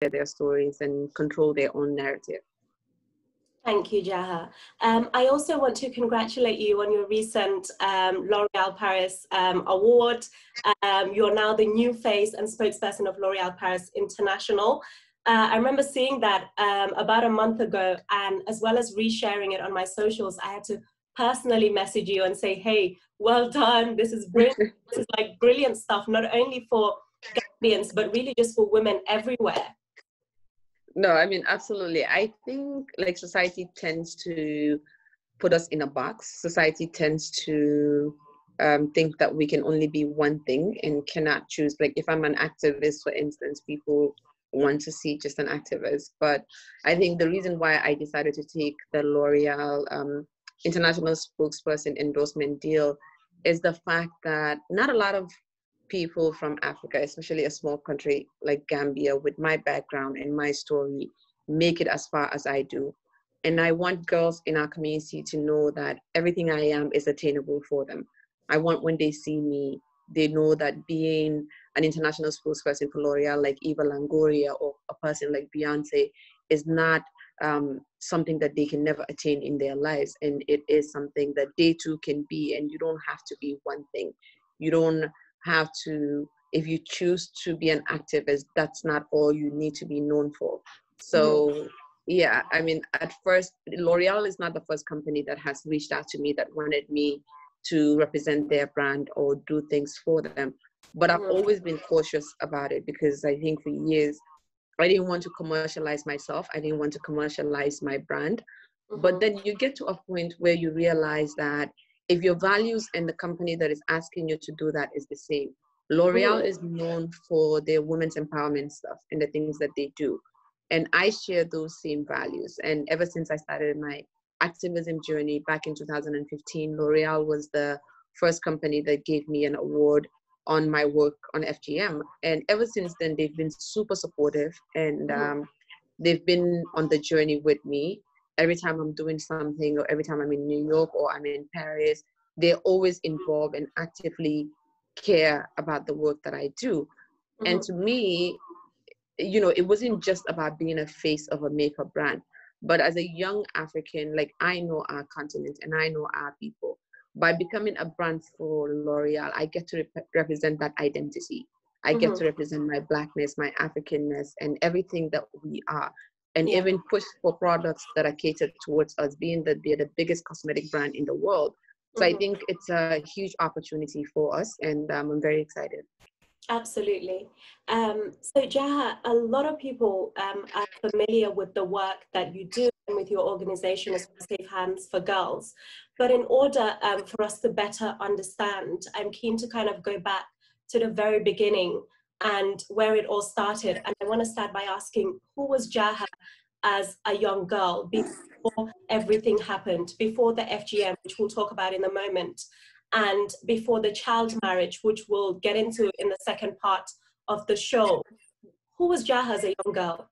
their stories and control their own narrative. Thank you, Jaha. Um, I also want to congratulate you on your recent um, L'Oréal Paris um, award. Um, you're now the new face and spokesperson of L'Oréal Paris International. Uh, I remember seeing that um, about a month ago, and as well as resharing it on my socials, I had to personally message you and say, "Hey, well done! This is brilliant. this is like brilliant stuff, not only for Gambians but really just for women everywhere." No, I mean, absolutely. I think like society tends to put us in a box. Society tends to um, think that we can only be one thing and cannot choose. Like, if I'm an activist, for instance, people want to see just an activist. But I think the reason why I decided to take the L'Oreal um, International Spokesperson Endorsement Deal is the fact that not a lot of people from Africa, especially a small country like Gambia, with my background and my story, make it as far as I do. And I want girls in our community to know that everything I am is attainable for them. I want when they see me, they know that being an international spokesperson for L'Oreal like Eva Longoria or a person like Beyonce is not um, something that they can never attain in their lives. And it is something that they too can be. And you don't have to be one thing. You don't have to if you choose to be an activist that's not all you need to be known for so mm-hmm. yeah i mean at first l'oreal is not the first company that has reached out to me that wanted me to represent their brand or do things for them but i've mm-hmm. always been cautious about it because i think for years i didn't want to commercialize myself i didn't want to commercialize my brand mm-hmm. but then you get to a point where you realize that if your values and the company that is asking you to do that is the same. L'Oreal mm. is known for their women's empowerment stuff and the things that they do. And I share those same values. And ever since I started my activism journey back in 2015, L'Oreal was the first company that gave me an award on my work on FGM. And ever since then, they've been super supportive and mm. um, they've been on the journey with me every time I'm doing something or every time I'm in New York or I'm in Paris, they're always involved and actively care about the work that I do. Mm-hmm. And to me, you know, it wasn't just about being a face of a makeup brand, but as a young African, like I know our continent and I know our people. By becoming a brand for L'Oreal, I get to rep- represent that identity. I get mm-hmm. to represent my blackness, my Africanness, and everything that we are and yeah. even push for products that are catered towards us, being that they're the biggest cosmetic brand in the world. So mm-hmm. I think it's a huge opportunity for us, and um, I'm very excited. Absolutely. Um, so, Jaha, a lot of people um, are familiar with the work that you do and with your organization as Safe Hands for Girls. But in order um, for us to better understand, I'm keen to kind of go back to the very beginning and where it all started. And I want to start by asking who was Jaha as a young girl before everything happened, before the FGM, which we'll talk about in a moment, and before the child marriage, which we'll get into in the second part of the show. Who was Jaha as a young girl?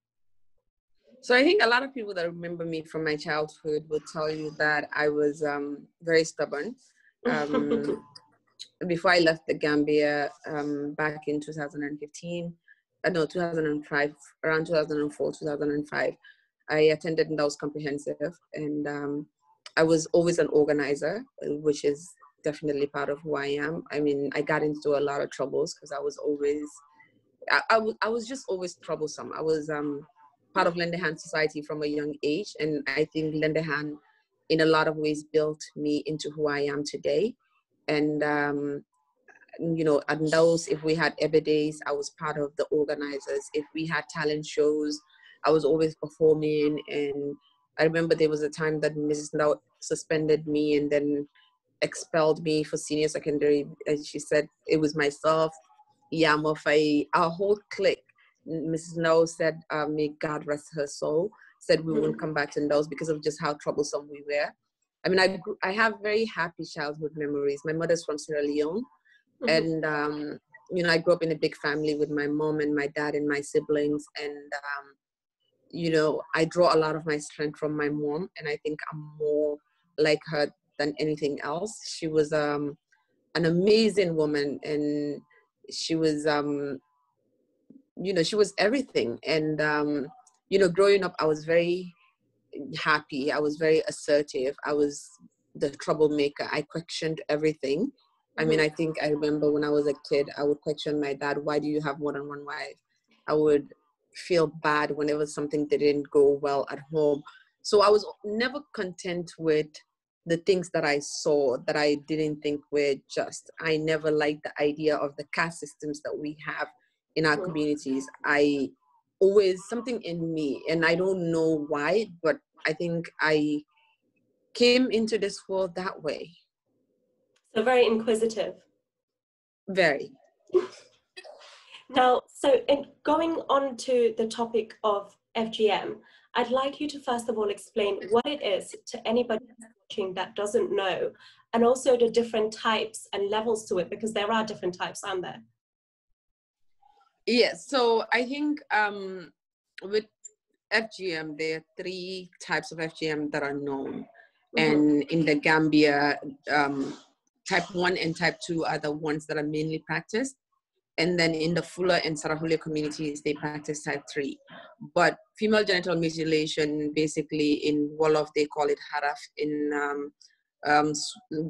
So I think a lot of people that remember me from my childhood would tell you that I was um, very stubborn. Um, before I left the Gambia um, back in 2015, uh, no, 2005, around 2004, 2005, I attended Ndaos Comprehensive, and um, I was always an organizer, which is definitely part of who I am. I mean, I got into a lot of troubles because I was always, I, I, w- I was just always troublesome. I was um, part of Lend a Hand Society from a young age, and I think Lend a Hand, in a lot of ways, built me into who I am today and um, you know and those if we had ever days i was part of the organizers if we had talent shows i was always performing and i remember there was a time that mrs now suspended me and then expelled me for senior secondary and she said it was myself yamofai our whole clique mrs now said uh, may god rest her soul said we mm-hmm. won't come back to those because of just how troublesome we were I mean, I I have very happy childhood memories. My mother's from Sierra Leone, mm-hmm. and um, you know, I grew up in a big family with my mom and my dad and my siblings, and um, you know, I draw a lot of my strength from my mom, and I think I'm more like her than anything else. She was um, an amazing woman, and she was, um, you know, she was everything. And um, you know, growing up, I was very happy. I was very assertive. I was the troublemaker. I questioned everything. I mean, mm-hmm. I think I remember when I was a kid, I would question my dad, why do you have more than one wife? I would feel bad whenever something didn't go well at home. So I was never content with the things that I saw that I didn't think were just. I never liked the idea of the caste systems that we have in our communities. I always something in me and i don't know why but i think i came into this world that way so very inquisitive very now so in going on to the topic of fgm i'd like you to first of all explain what it is to anybody watching that doesn't know and also the different types and levels to it because there are different types aren't there Yes. So I think um, with FGM, there are three types of FGM that are known. Mm-hmm. And in the Gambia, um, type 1 and type 2 are the ones that are mainly practiced. And then in the Fula and Sarahulia communities, they practice type 3. But female genital mutilation, basically in Wolof, they call it Haraf. In um, um,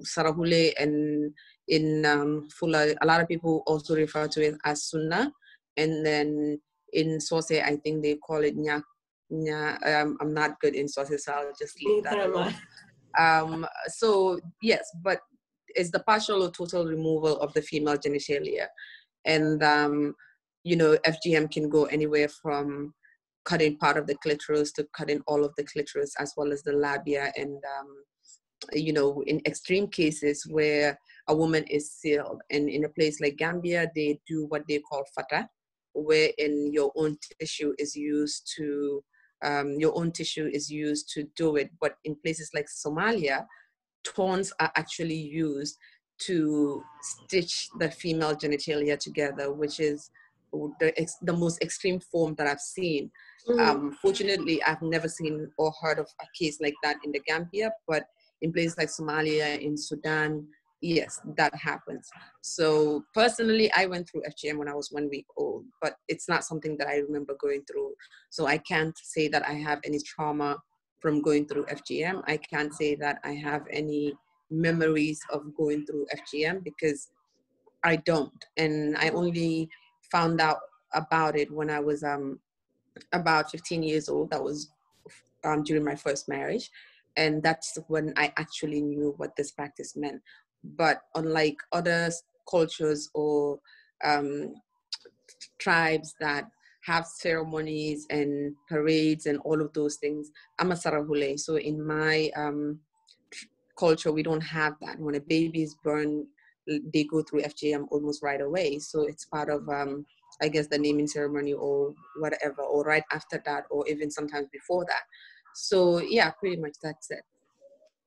Sarahule and in um, Fula, a lot of people also refer to it as Sunnah and then in Source, I think they call it nyak. Nya, um, I'm not good in sources, so I'll just leave that alone. Um, so yes, but it's the partial or total removal of the female genitalia, and um, you know FGM can go anywhere from cutting part of the clitoris to cutting all of the clitoris as well as the labia and um, you know in extreme cases where a woman is sealed and in a place like gambia they do what they call fata wherein your own tissue is used to um, your own tissue is used to do it. But in places like Somalia, tons are actually used to stitch the female genitalia together, which is the, the most extreme form that I've seen. mm Um, fortunately, I've never seen or heard of a case like that in the Gambia, but in places like Somalia, in Sudan, yes that happens so personally i went through fgm when i was one week old but it's not something that i remember going through so i can't say that i have any trauma from going through fgm i can't say that i have any memories of going through fgm because i don't and i only found out about it when i was um about 15 years old that was um, during my first marriage and that's when I actually knew what this practice meant but unlike other cultures or um, tribes that have ceremonies and parades and all of those things. I'm a Sarahule, so in my um, culture, we don't have that. When a baby is born, they go through FGM almost right away. So it's part of, um, I guess, the naming ceremony or whatever, or right after that, or even sometimes before that. So yeah, pretty much that's it.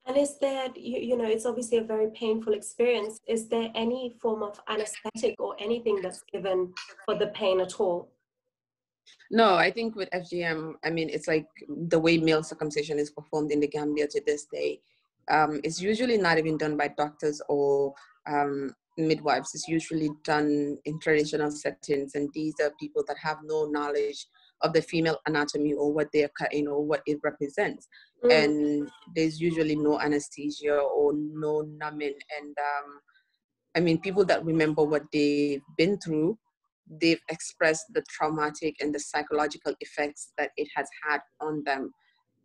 And is there, you, you know, it's obviously a very painful experience. Is there any form of anesthetic or anything that's given for the pain at all? No, I think with FGM, I mean, it's like the way male circumcision is performed in the Gambia to this day. Um, it's usually not even done by doctors or um, midwives. It's usually done in traditional settings, and these are people that have no knowledge of the female anatomy or what they are cutting or what it represents mm. and there's usually no anesthesia or no numbing. And um, I mean, people that remember what they've been through, they've expressed the traumatic and the psychological effects that it has had on them.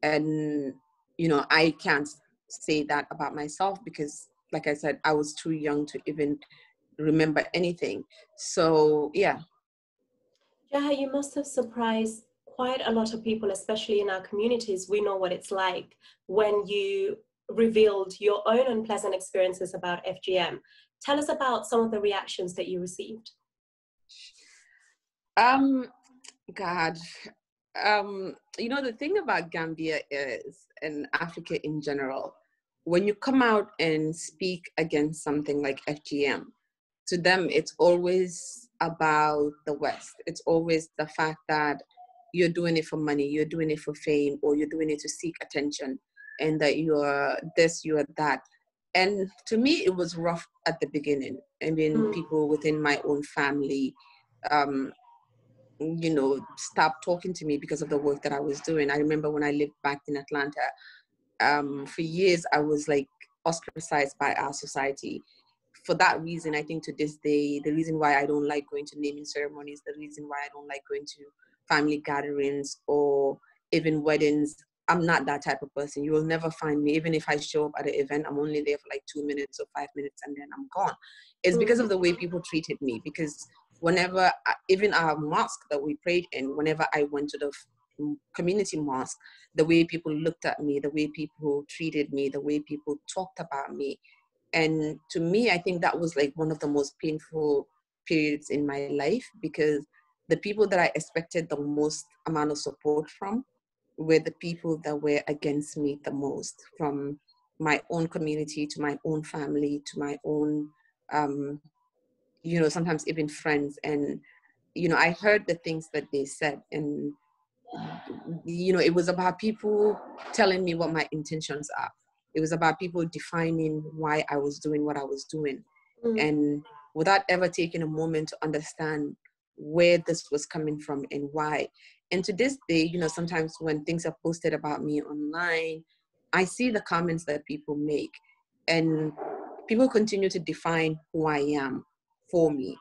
And, you know, I can't say that about myself because, like I said, I was too young to even remember anything. So, yeah. Yeah, you must have surprised quite a lot of people, especially in our communities, we know what it's like when you revealed your own unpleasant experiences about FGM. Tell us about some of the reactions that you received. Um, God, um, you know, the thing about Gambia is, and Africa in general, when you come out and speak against something like FGM, to them, it's always about the West. It's always the fact that you're doing it for money, you're doing it for fame, or you're doing it to seek attention, and that you're this, you're that. And to me, it was rough at the beginning. I mean, mm. people within my own family, um, you know, stopped talking to me because of the work that I was doing. I remember when I lived back in Atlanta, um, for years I was like ostracized by our society. For that reason, I think to this day, the reason why I don't like going to naming ceremonies, the reason why I don't like going to family gatherings or even weddings. I'm not that type of person. You will never find me. Even if I show up at an event, I'm only there for like two minutes or five minutes and then I'm gone. It's because of the way people treated me. Because whenever, even our mosque that we prayed in, whenever I went to the community mosque, the way people looked at me, the way people treated me, the way people talked about me. And to me, I think that was like one of the most painful periods in my life because the people that I expected the most amount of support from were the people that were against me the most, from my own community to my own family to my own, um, you know, sometimes even friends. And, you know, I heard the things that they said. And, you know, it was about people telling me what my intentions are, it was about people defining why I was doing what I was doing. Mm-hmm. And without ever taking a moment to understand where this was coming from and why. And to this day, you know, sometimes when things are posted about me online, I see the comments that people make, and people continue to define who I am for me.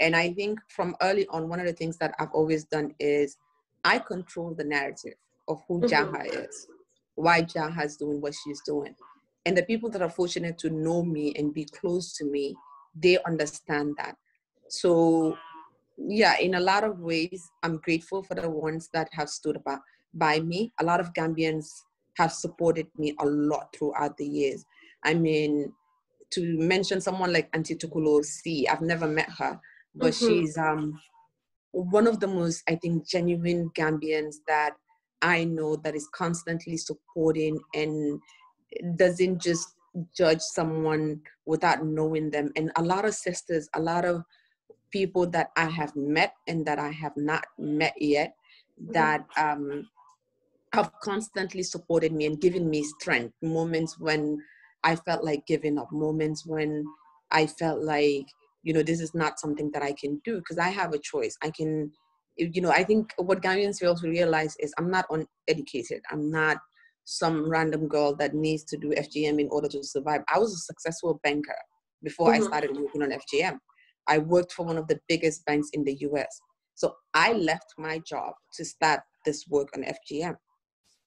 And I think from early on, one of the things that I've always done is I control the narrative of who mm-hmm. Jaha is, why is doing what she's doing. And the people that are fortunate to know me and be close to me, they understand that. So yeah, in a lot of ways, I'm grateful for the ones that have stood by, by me. A lot of Gambians have supported me a lot throughout the years. I mean, to mention someone like Auntie Tukulo C, I've never met her, but mm-hmm. she's um, one of the most, I think, genuine Gambians that I know that is constantly supporting and doesn't just judge someone without knowing them. And a lot of sisters, a lot of people that I have met and that I have not met yet mm-hmm. that um, have constantly supported me and given me strength. Moments when I felt like giving up, moments when I felt like, you know, this is not something that I can do because I have a choice. I can, you know, I think what Gambians fail to realize is I'm not uneducated. I'm not some random girl that needs to do FGM in order to survive. I was a successful banker before mm-hmm. I started working on FGM. I worked for one of the biggest banks in the US. So I left my job to start this work on FGM.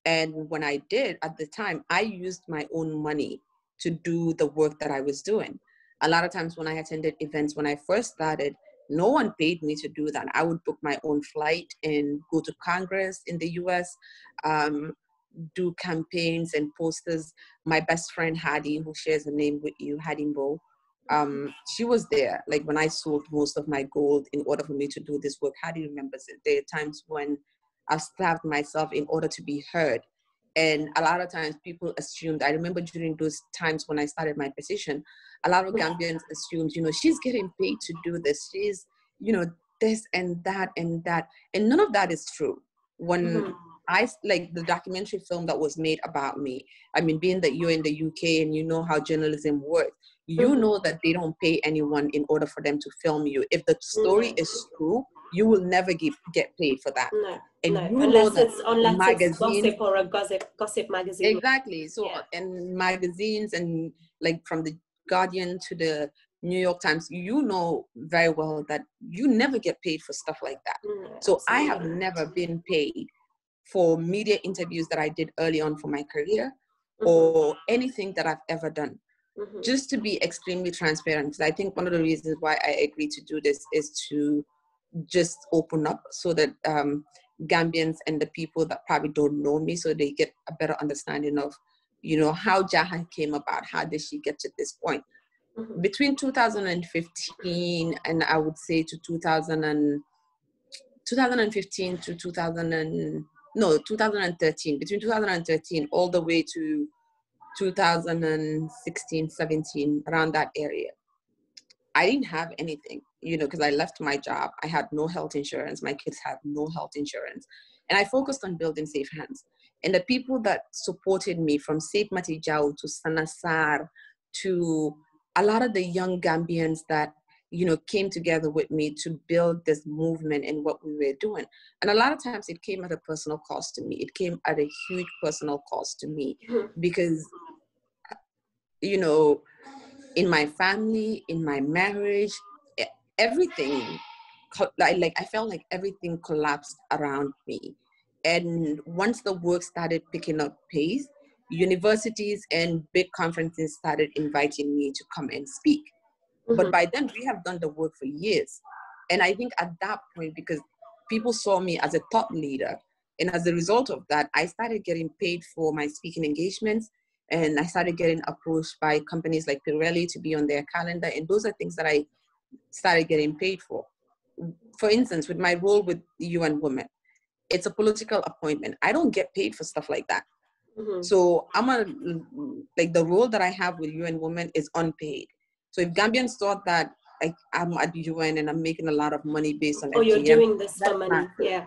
And when I did at the time, I used my own money to do the work that I was doing. A lot of times when I attended events when I first started, no one paid me to do that. I would book my own flight and go to Congress in the US, um, do campaigns and posters. My best friend Hadi, who shares a name with you, Hadi Mbo, um, she was there. Like when I sold most of my gold in order for me to do this work, do you remember? There are times when i stabbed starved myself in order to be heard. And a lot of times people assumed, I remember during those times when I started my position, a lot of mm-hmm. Gambians assumed, you know, she's getting paid to do this. She's, you know, this and that and that. And none of that is true. When mm-hmm. I like the documentary film that was made about me, I mean, being that you're in the UK and you know how journalism works, you mm-hmm. know that they don't pay anyone in order for them to film you. If the story mm-hmm. is true, you will never get, get paid for that. No, and no. You unless know it's unless magazine, it's gossip or a gossip gossip magazine. Exactly. So yeah. and magazines and like from the Guardian to the New York Times, you know very well that you never get paid for stuff like that. Mm, so I have never been paid for media interviews that I did early on for my career mm-hmm. or anything that I've ever done. Mm-hmm. Just to be extremely transparent, because I think one of the reasons why I agree to do this is to just open up so that um, Gambians and the people that probably don't know me, so they get a better understanding of, you know, how Jahan came about. How did she get to this point? Mm-hmm. Between 2015 and I would say to 2000 and, 2015 to 2000 and, no 2013. Between 2013 all the way to 2016, 17, around that area. I didn't have anything, you know, because I left my job. I had no health insurance. My kids had no health insurance. And I focused on building safe hands. And the people that supported me from Safe Matijau to Sanasar to a lot of the young Gambians that you know, came together with me to build this movement and what we were doing. And a lot of times it came at a personal cost to me. It came at a huge personal cost to me mm-hmm. because, you know, in my family, in my marriage, everything, like I felt like everything collapsed around me. And once the work started picking up pace, universities and big conferences started inviting me to come and speak Mm-hmm. But by then, we have done the work for years. And I think at that point, because people saw me as a thought leader, and as a result of that, I started getting paid for my speaking engagements and I started getting approached by companies like Pirelli to be on their calendar. And those are things that I started getting paid for. For instance, with my role with the UN Women, it's a political appointment. I don't get paid for stuff like that. Mm-hmm. So I'm a like the role that I have with UN Women is unpaid. So if Gambians thought that I'm at the UN and I'm making a lot of money based on oh, FGM, you're doing this for money, yeah.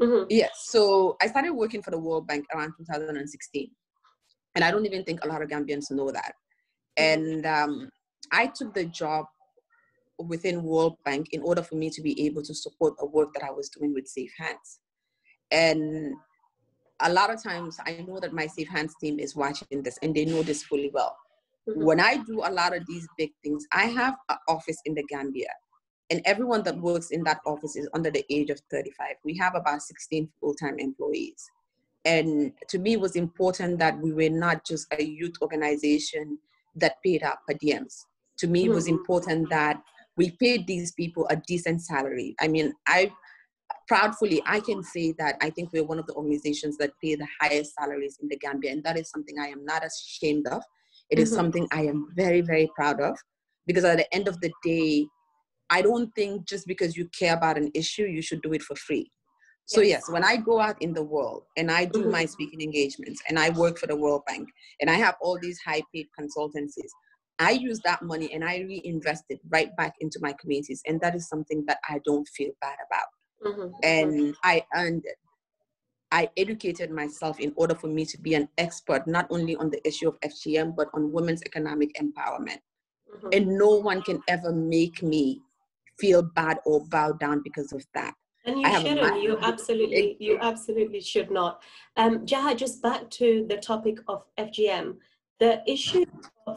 Mm-hmm. Yes. Yeah, so I started working for the World Bank around 2016, and I don't even think a lot of Gambians know that. And um, I took the job within World Bank in order for me to be able to support the work that I was doing with Safe Hands. And a lot of times I know that my Safe Hands team is watching this and they know this fully well. Mm-hmm. when I do a lot of these big things, I have an office in the Gambia, and everyone that works in that office is under the age of 35. We have about 16 full time employees. And to me, it was important that we were not just a youth organization that paid our per diems. To me, it was mm-hmm. important that we paid these people a decent salary. I mean, I proudly I can say that I think we're one of the organizations that pay the highest salaries in the Gambia, and that is something I am not ashamed of it is mm-hmm. is something I am very, very proud of because at the end of the day, I don't think just because you care about an issue, you should do it for free. So, yes, yes when I go out in the world and I do mm-hmm. my speaking engagements and I work for the World Bank and I have all these high paid consultancies, I use that money and I reinvest it right back into my communities. And that is something that I don't feel bad about. Mm-hmm. And I earned it I educated myself in order for me to be an expert, not only on the issue of FGM, but on women's economic empowerment. Mm-hmm. And no one can ever make me feel bad or bow down because of that. And you shouldn't. You absolutely, you absolutely should not. Um, Jaha, just back to the topic of FGM. The issue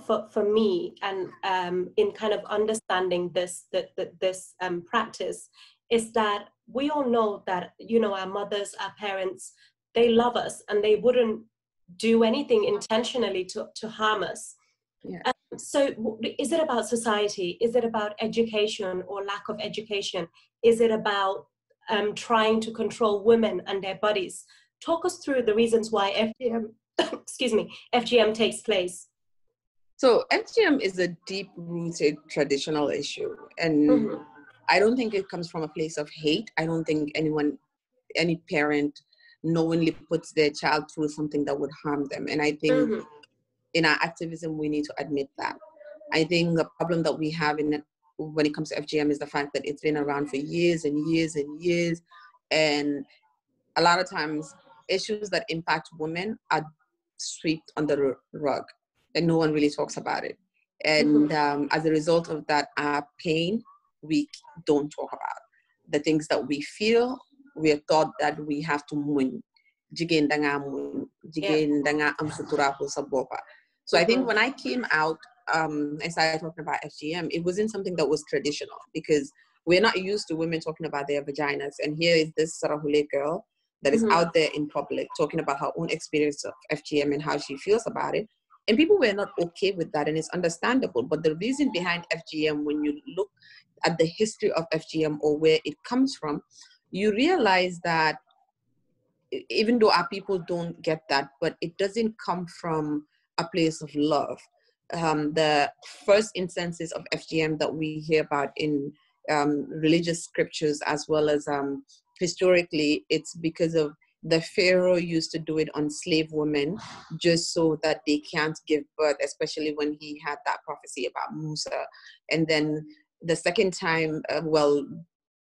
for, for me and um, in kind of understanding this that this um, practice is that we all know that you know our mothers our parents they love us and they wouldn't do anything intentionally to, to harm us yeah. Um, so is it about society is it about education or lack of education is it about um, trying to control women and their bodies talk us through the reasons why fgm excuse me fgm takes place so fgm is a deep rooted traditional issue and mm-hmm I don't think it comes from a place of hate. I don't think anyone, any parent knowingly puts their child through something that would harm them. And I think mm-hmm. in our activism, we need to admit that. I think the problem that we have in when it comes to FGM is the fact that it's been around for years and years and years. And a lot of times, issues that impact women are swept under the rug and no one really talks about it. And mm-hmm. um, as a result of that, our pain we don't talk about. The things that we feel, we are taught that we have to moon. danga moon. danga So I think mm-hmm. when I came out um, I started talking about FGM, it wasn't something that was traditional because we're not used to women talking about their vaginas. And here is this Sarahule girl that is mm-hmm. out there in public talking about her own experience of FGM and how she feels about it. And people were not okay with that, and it's understandable. But the reason behind FGM, when you look at the history of FGM or where it comes from, you realize that even though our people don't get that, but it doesn't come from a place of love. Um, the first instances of FGM that we hear about in um, religious scriptures, as well as um, historically, it's because of the Pharaoh used to do it on slave women just so that they can't give birth, especially when he had that prophecy about Musa. And then the second time, uh, well,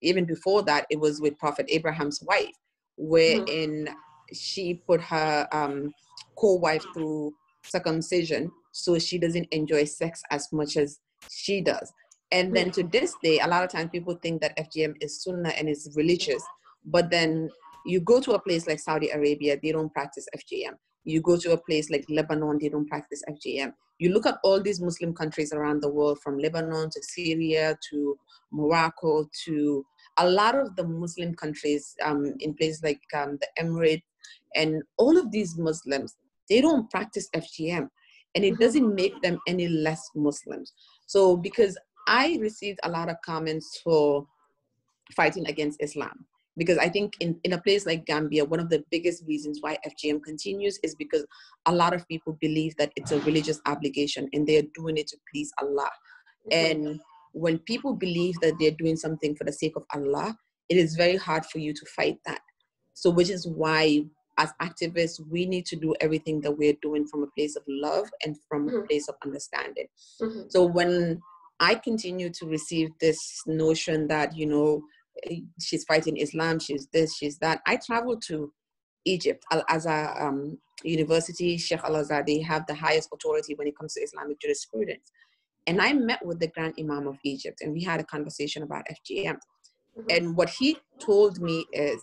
even before that, it was with Prophet Abraham's wife, wherein mm-hmm. she put her um, co wife through circumcision so she doesn't enjoy sex as much as she does. And then to this day, a lot of times people think that FGM is Sunnah and it's religious. But then you go to a place like Saudi Arabia, they don't practice FGM. You go to a place like Lebanon, they don't practice FGM you look at all these Muslim countries around the world, from Lebanon to Syria to Morocco to a lot of the Muslim countries um, in places like um, the Emirates, and all of these Muslims, they don't practice FGM, and it mm-hmm. doesn't make them any less Muslims. So, because I received a lot of comments for fighting against Islam because I think in, in a place like Gambia, one of the biggest reasons why FGM continues is because a lot of people believe that it's a religious obligation and they're doing it to please Allah. And when people believe that they're doing something for the sake of Allah, it is very hard for you to fight that. So, which is why, as activists, we need to do everything that we're doing from a place of love and from mm-hmm. a place of understanding. Mm-hmm. So, when I continue to receive this notion that, you know, she's fighting Islam, she's this, she's that. I traveled to Egypt, Al Azhar um, University, Sheikh Al Azhar, they have the highest authority when it comes to Islamic jurisprudence. And I met with the Grand Imam of Egypt and we had a conversation about FGM. Mm-hmm. And what he told me is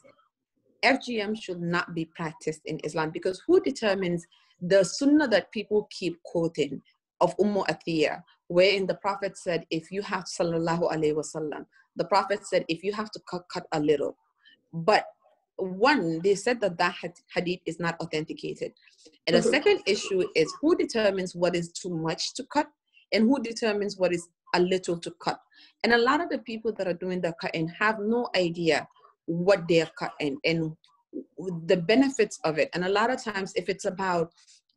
FGM should not be practiced in Islam because who determines the sunnah that people keep quoting of Ummu Athiya, wherein the Prophet said, if you have sallallahu alayhi wasallam, the Prophet said, if you have to cut, cut a little. But one, they said that that hadith is not authenticated. And the mhm. second issue is who determines what is too much to cut and who determines what is a little to cut. And a lot of the people that are doing the cutting have no idea what they're cutting and the benefits of it. And a lot of times, if it's about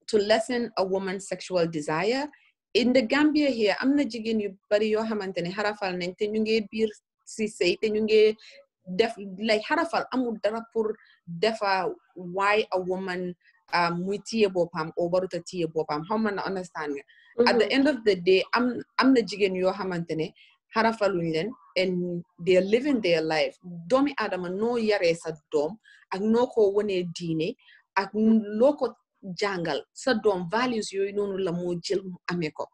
to lessen a woman's sexual desire, in the Gambia here, I'm not jigging you, but you're harafal si sëy te ñu ngi def like xarafal amul dara pour defa why a woman um, muy téye boppam o waruta téye boppam xaw ma understand nga at the mm-hmm. end of the day am am na jigéen yoo xamante ne xarafaluñ leen and they are living their life Domi aadama no yare sa dom ak noo ko wonee diine ak loo jàngal sa dom values yooyu noonu la moo jël mu ko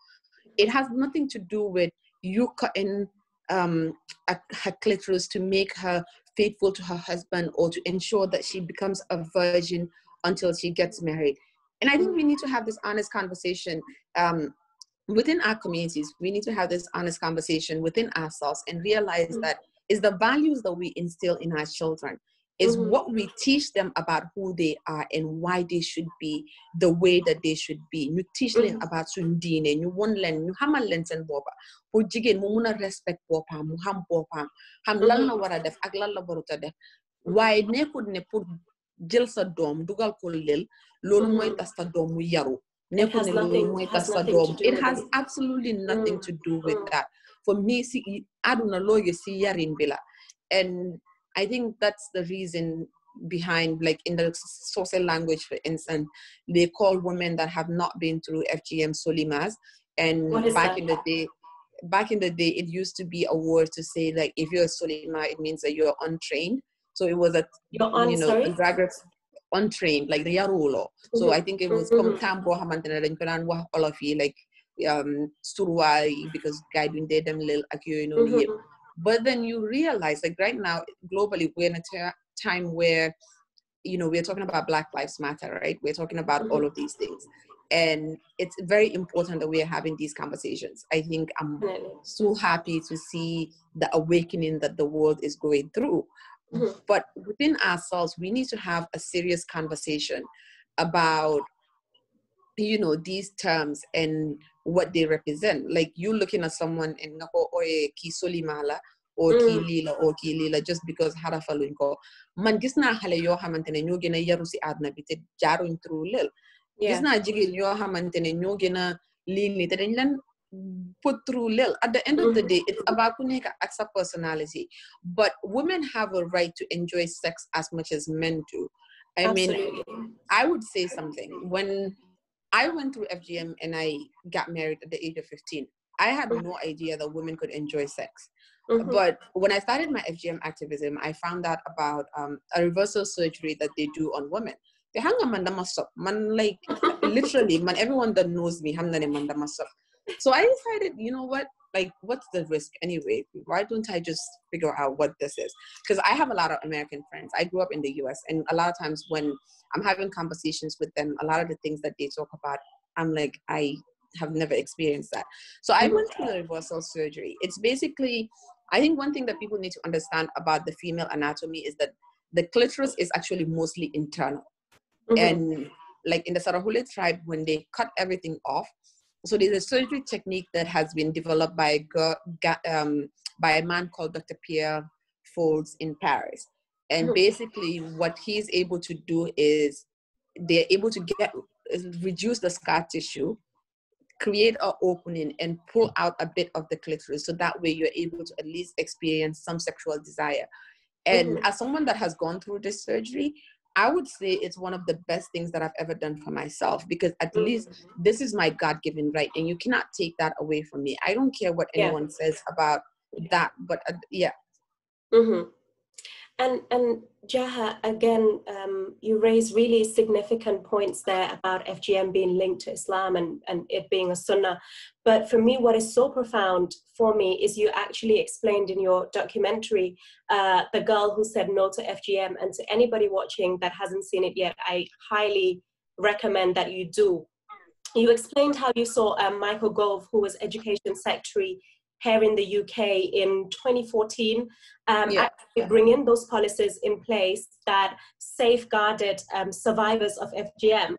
it has nothing to do with you cutting um, her clitoris to make her faithful to her husband or to ensure that she becomes a virgin until she gets married. And I think we need to have this honest conversation um, within our communities. We need to have this honest conversation within ourselves and realize mm-hmm. that is the values that we instill in our children is mm-hmm. what we teach them about who they are and why they should be the way that they should be. You teach them mm-hmm. about sundine, you won't learn, you haven't learned and boba pour respect mu xam xam mm-hmm. lan la def ak lan la def ne pour jël sa dugal ko lël mm-hmm. yaru ne sa it has absolutely nothing to do mm-hmm. with that for me si àdduna looyu si yarin bi and I think that's the reason behind like in the social language for instance they call women that have not been through fgm solimas and back that? in the day back in the day, it used to be a word to say like if you're a solima, it means that you're untrained. So it was a you're you know sorry? untrained like the yarolo. Mm-hmm. So I think it was mm-hmm. wa all of you like um because guy doing they them little like you know But then you realize like right now globally we're in a ter- time where you know we're talking about Black Lives Matter, right? We're talking about mm-hmm. all of these things and it's very important that we are having these conversations. I think I'm so happy to see the awakening that the world is going through. Mm-hmm. But within ourselves, we need to have a serious conversation about you know these terms and what they represent. Like you looking at someone and nako oye kisoli mala or mm. kilila or kilila just because harafaluinko. Man gis na hale yo hamantene nyo gina yarusi adna bite jarun through lil gis naa jigéen yoo xamante ne ñoo gën a lii nii te dañ leen put through lil at the end of the mm. day it's about ku nekk ak sa personality but women have a right to enjoy sex as much as men do i mean i would say something when i went through fgm and i got married at the age of 15 i had mm. no idea that women could enjoy sex Mm -hmm. But when I started my FGM activism, I found out about um, a reversal surgery that they do on women. They hang a man Man like literally, man, everyone that knows me, hamna man masop. So I decided, you know what? Like, what's the risk anyway? Why don't I just figure out what this is? Because I have a lot of American friends. I grew up in the US, and a lot of times when I'm having conversations with them, a lot of the things that they talk about, I'm like, I have never experienced that. So I went through the reversal surgery. It's basically, I think one thing that people need to understand about the female anatomy is that the clitoris is actually mostly internal. Mm-hmm. And like in the Sarahule tribe, when they cut everything off, so there's a surgery technique that has been developed by a, um, by a man called Dr. Pierre Folds in Paris. And mm-hmm. basically, what he's able to do is they're able to get reduce the scar tissue, create an opening, and pull out a bit of the clitoris. So that way, you're able to at least experience some sexual desire. And mm-hmm. as someone that has gone through this surgery, I would say it's one of the best things that I've ever done for myself because at least mm-hmm. this is my God given right, and you cannot take that away from me. I don't care what anyone yeah. says about that, but uh, yeah. Mm-hmm. And, and Jaha, again, um, you raise really significant points there about FGM being linked to Islam and, and it being a sunnah. But for me, what is so profound for me is you actually explained in your documentary uh, the girl who said no to FGM. And to anybody watching that hasn't seen it yet, I highly recommend that you do. You explained how you saw uh, Michael Gove, who was education secretary here in the UK in 2014, um, yeah. actually bringing those policies in place that safeguarded um, survivors of FGM.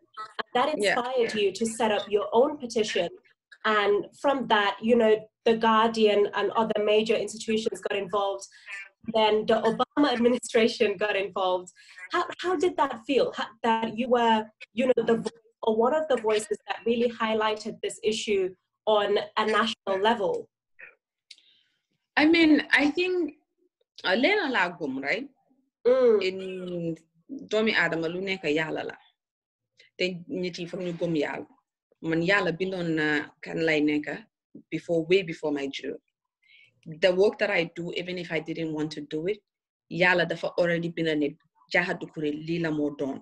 that inspired yeah. you to set up your own petition. And from that, you know, The Guardian and other major institutions got involved. Then the Obama administration got involved. How, how did that feel? How, that you were, you know, the or one of the voices that really highlighted this issue on a national level? I mean, I think uh, leena laa gëm right mm. doomi aadama lu nekk yàlla la Then niti from foog ñu gëm man yala bindoon na kan lay before way before my job the work that I do even if I didn't want to do it yala dafa already been ne jaaxatu kure lii la moo doon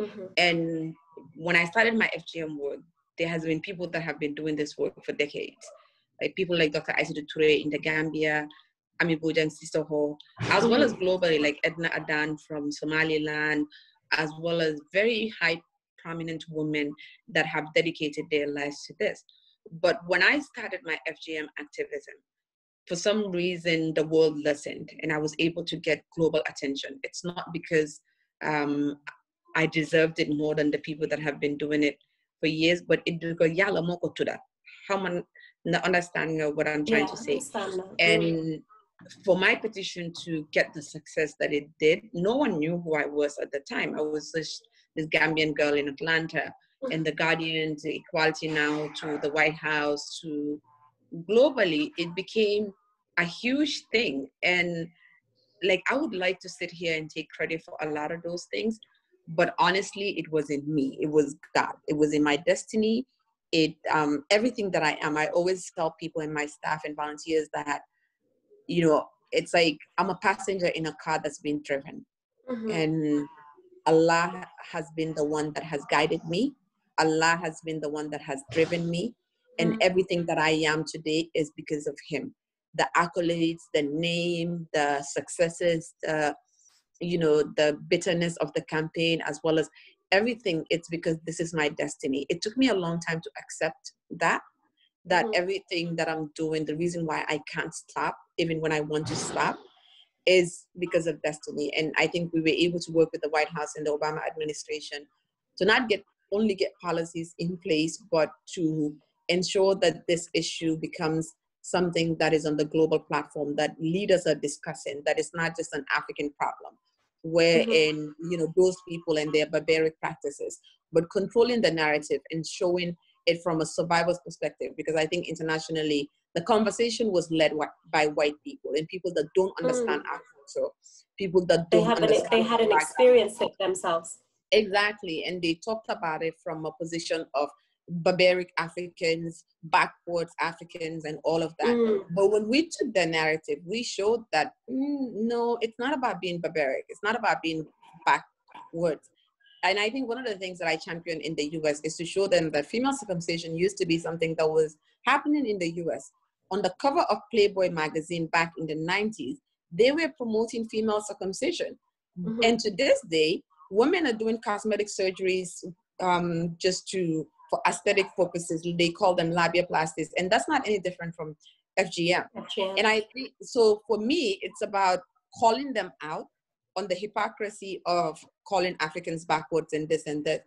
mm-hmm. and when I started my FGM work there has been people that have been doing this work for decades like people like Dr. Isidore Toure in the Gambia, Ami Boja and Sister Ho, as well as globally, like Edna Adan from Somaliland, as well as very high prominent women that have dedicated their lives to this. But when I started my FGM activism, for some reason the world listened and I was able to get global attention. It's not because um, I deserved it more than the people that have been doing it for years, but it because yala moko to that. How many? the understanding of what I'm trying yeah, to say. And mm. for my petition to get the success that it did, no one knew who I was at the time. I was this, this Gambian girl in Atlanta, mm. and the Guardian, to Equality Now, to the White House, to globally, it became a huge thing. And like, I would like to sit here and take credit for a lot of those things, but honestly, it wasn't me. It was God. It was in my destiny it um, everything that I am, I always tell people and my staff and volunteers that, you know, it's like I'm a passenger in a car that's been driven, mm-hmm. and Allah has been the one that has guided me. Allah has been the one that has driven me, and mm-hmm. everything that I am today is because of Him. The accolades, the name, the successes, the you know the bitterness of the campaign as well as everything it's because this is my destiny it took me a long time to accept that that mm-hmm. everything that i'm doing the reason why i can't stop even when i want to stop is because of destiny and i think we were able to work with the white house and the obama administration to not get only get policies in place but to ensure that this issue becomes something that is on the global platform that leaders are discussing that is not just an african problem Mm-hmm. wherein mm-hmm. you know those people and their barbaric practices but controlling the narrative and showing it from a survivor's perspective because i think internationally the conversation was led by white people and people that don't understand mm. our culture people that they don't an, they had an experience it themselves exactly and they talked about it from a position of barbaric Africans, backwards Africans, and all of that. Mm. But when we took the narrative, we showed that mm, no, it's not about being barbaric, it's not about being backwards. And I think one of the things that I champion in the US is to show them that female circumcision used to be something that was happening in the US. On the cover of Playboy magazine back in the 90s, they were promoting female circumcision. Mm-hmm. And to this day, women are doing cosmetic surgeries um, just to for aesthetic purposes they call them labiaplasties and that's not any different from fgm okay. and i so for me it's about calling them out on the hypocrisy of calling africans backwards and this and that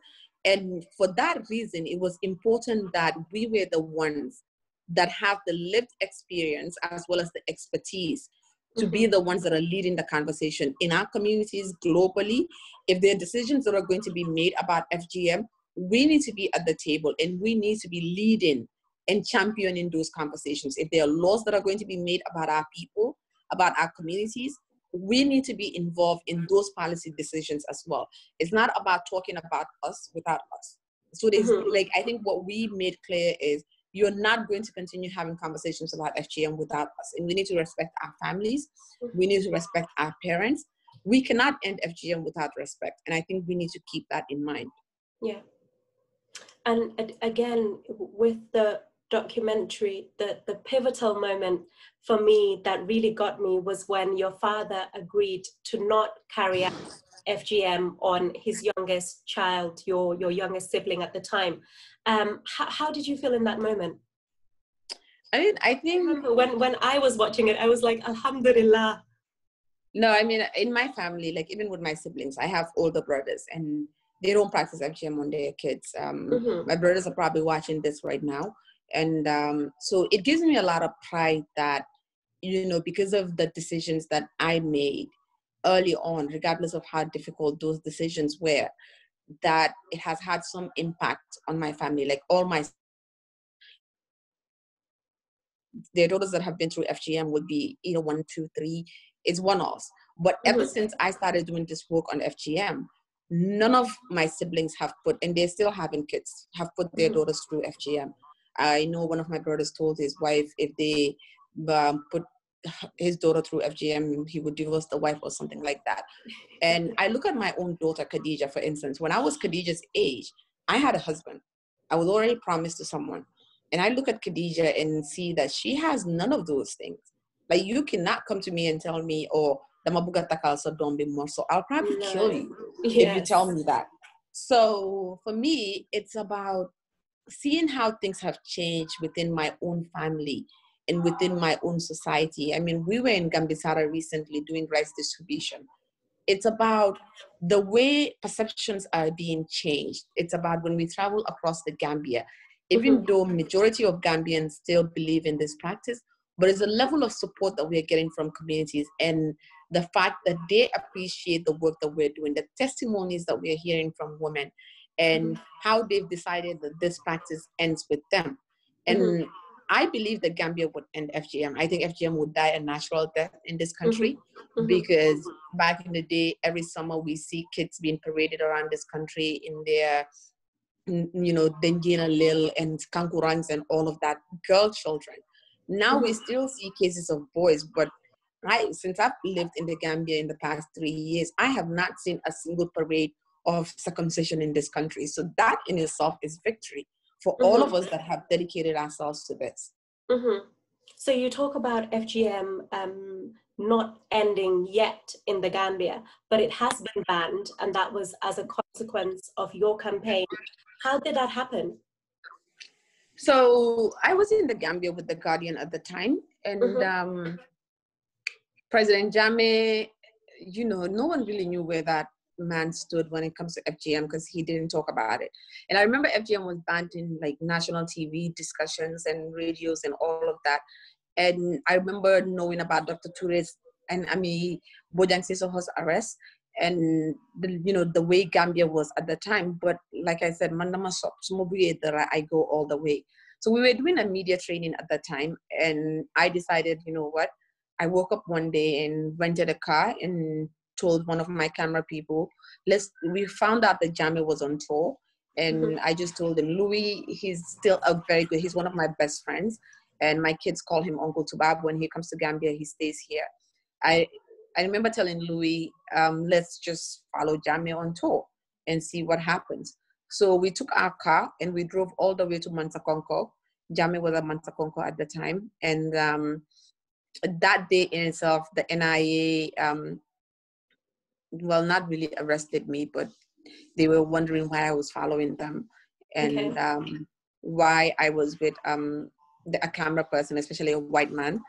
and for that reason it was important that we were the ones that have the lived experience as well as the expertise to be mm-hmm. the ones that are leading the conversation in our communities globally. If there are decisions that are going to be made about FGM, we need to be at the table and we need to be leading and championing those conversations. If there are laws that are going to be made about our people, about our communities, we need to be involved in those policy decisions as well. It's not about talking about us without us. So there's mm-hmm. like I think what we made clear is you're not going to continue having conversations about FGM without us. And we need to respect our families. We need to respect our parents. We cannot end FGM without respect. And I think we need to keep that in mind. Yeah and again with the documentary the, the pivotal moment for me that really got me was when your father agreed to not carry out fgm on his youngest child your your youngest sibling at the time um, how, how did you feel in that moment i mean i think when when i was watching it i was like alhamdulillah no i mean in my family like even with my siblings i have older brothers and they don't practice FGM on their kids. Um, mm-hmm. My brothers are probably watching this right now, and um, so it gives me a lot of pride that you know because of the decisions that I made early on, regardless of how difficult those decisions were, that it has had some impact on my family, like all my their daughters that have been through FGM would be you know one, two, three. It's one offs. But mm-hmm. ever since I started doing this work on FGM, none of my siblings have put, and they still having kids, have put their mm-hmm. daughters through FGM. I know one of my brothers told his wife if they um, put his daughter through FGM, he would divorce the wife or something like that. And I look at my own daughter, Khadija, for instance. When I was Khadija's age, I had a husband. I was already promised to someone. And I look at Khadija and see that she has none of those things. Like, you cannot come to me and tell me, oh, dama bëgg a takkal sa doom be more so I'll probably no. kill you yes. if you tell me that so for me it's about seeing how things have changed within my own family and within my own society I mean we were in Gambisara recently doing rice distribution it's about the way perceptions are being changed it's about when we travel across the gambia even mm-hmm. though majority of gambians still believe in this practice but it's a level of support that we are getting from communities and the fact that they appreciate the work that we're doing, the testimonies that we're hearing from women, and mm-hmm. how they've decided that this practice ends with them. Mm-hmm. And mm-hmm. I believe that Gambia would end FGM. I think FGM would die a natural death in this country mm-hmm. mm-hmm. because back in the day, every summer we see kids being paraded around this country in their, you know, Dengina Lil and Kankurangs and all of that, girl children. Now mm-hmm. we still see cases of boys, but right? Since I've lived in the Gambia in the past three years, I have not seen a single parade of circumcision in this country. So that in itself is victory for mm-hmm. all of mm-hmm. us that have dedicated ourselves to this. Mm-hmm. So you talk about FGM um, not ending yet in the Gambia, but it has been banned, and that was as a consequence of your campaign. How did that happen? So I was in the Gambia with the Guardian at the time, and mm-hmm. um, President Jame, you know, no one really knew where that man stood when it comes to FGM because he didn't talk about it. And I remember FGM was banned in like national TV discussions and radios and all of that. And I remember knowing about Dr. Toure's and I mean Bojang Sissoho's arrest and the, you know the way Gambia was at the time. But like I said, Mandama I go all the way. So we were doing a media training at the time, and I decided, you know what, I woke up one day and rented a car and told one of my camera people, let's, we found out that Jamie was on tour. And mm-hmm. I just told him, Louis, he's still a very good, he's one of my best friends. And my kids call him Uncle Tubab. When he comes to Gambia, he stays here. I, I remember telling Louis, um, let's just follow Jamie on tour and see what happens. So we took our car and we drove all the way to Mansakonko. Jamie was at Mansakonko at the time. And um, that day in itself, the NIA, um, well, not really arrested me, but they were wondering why I was following them and okay. um, why I was with um, the, a camera person, especially a white man.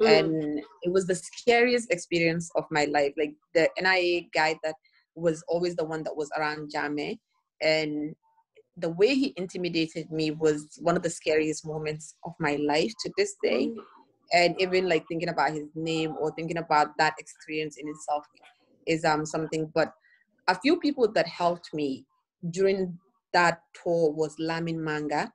Mm. And it was the scariest experience of my life. Like the NIA guy that was always the one that was around Jame. And the way he intimidated me was one of the scariest moments of my life to this day. Mm and even like thinking about his name or thinking about that experience in itself is um something but a few people that helped me during that tour was Lamin Manga,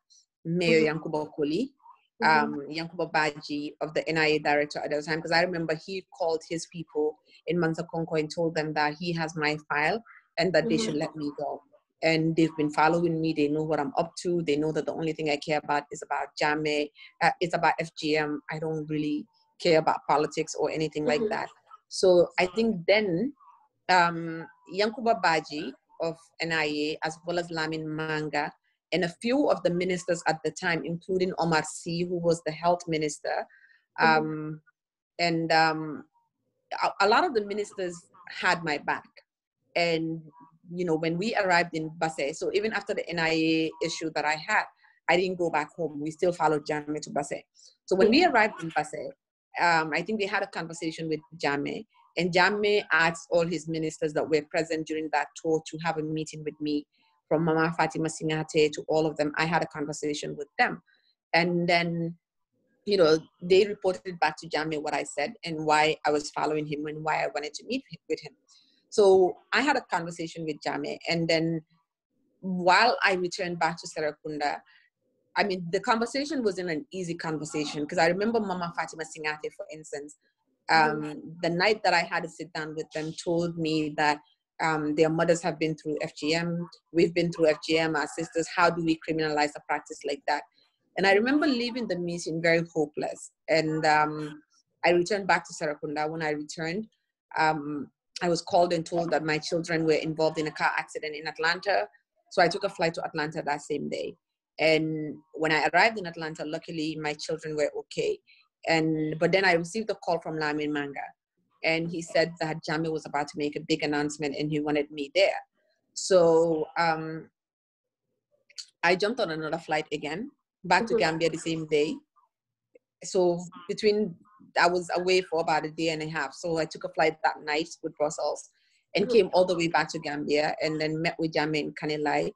Mayor mm-hmm. Yankuba mm-hmm. um, mm-hmm. Yankuba Baji of the NIA director at the time, because I remember he called his people in Mansakonko and told them that he has my file and that mm-hmm. they should mm-hmm. let me go and they've been following me. They know what I'm up to. They know that the only thing I care about is about JAME, uh, it's about FGM. I don't really care about politics or anything mm-hmm. like that. So I think then um, Yankuba Baji of NIA, as well as Lamin Manga, and a few of the ministers at the time, including Omar C, who was the health minister, mm-hmm. Um, and um, a, a lot of the ministers had my back and you know, when we arrived in Basay, so even after the NIA issue that I had, I didn't go back home. We still followed Jame to Basay. So when we arrived in Basay, um, I think they had a conversation with Jame, and Jame asked all his ministers that were present during that tour to have a meeting with me, from Mama Fatima Sinate to all of them. I had a conversation with them, and then you know, they reported back to Jame what I said and why I was following him and why I wanted to meet with him. So I had a conversation with Jame, and then while I returned back to Serakunda, I mean, the conversation wasn't an easy conversation because I remember Mama Fatima Singate, for instance, um, the night that I had to sit down with them, told me that um, their mothers have been through FGM, we've been through FGM, our sisters, how do we criminalize a practice like that? And I remember leaving the meeting very hopeless. And um, I returned back to Sarakunda. When I returned, um, I was called and told that my children were involved in a car accident in Atlanta. So I took a flight to Atlanta that same day. And when I arrived in Atlanta, luckily my children were okay. And but then I received a call from Lamin Manga, and he said that Jamie was about to make a big announcement, and he wanted me there. So um, I jumped on another flight again back to mm-hmm. Gambia the same day. So between I was away for about a day and a half. So I took a flight that night with Brussels and hmm. came all the way back to Gambia and then met with Jamin Kanilai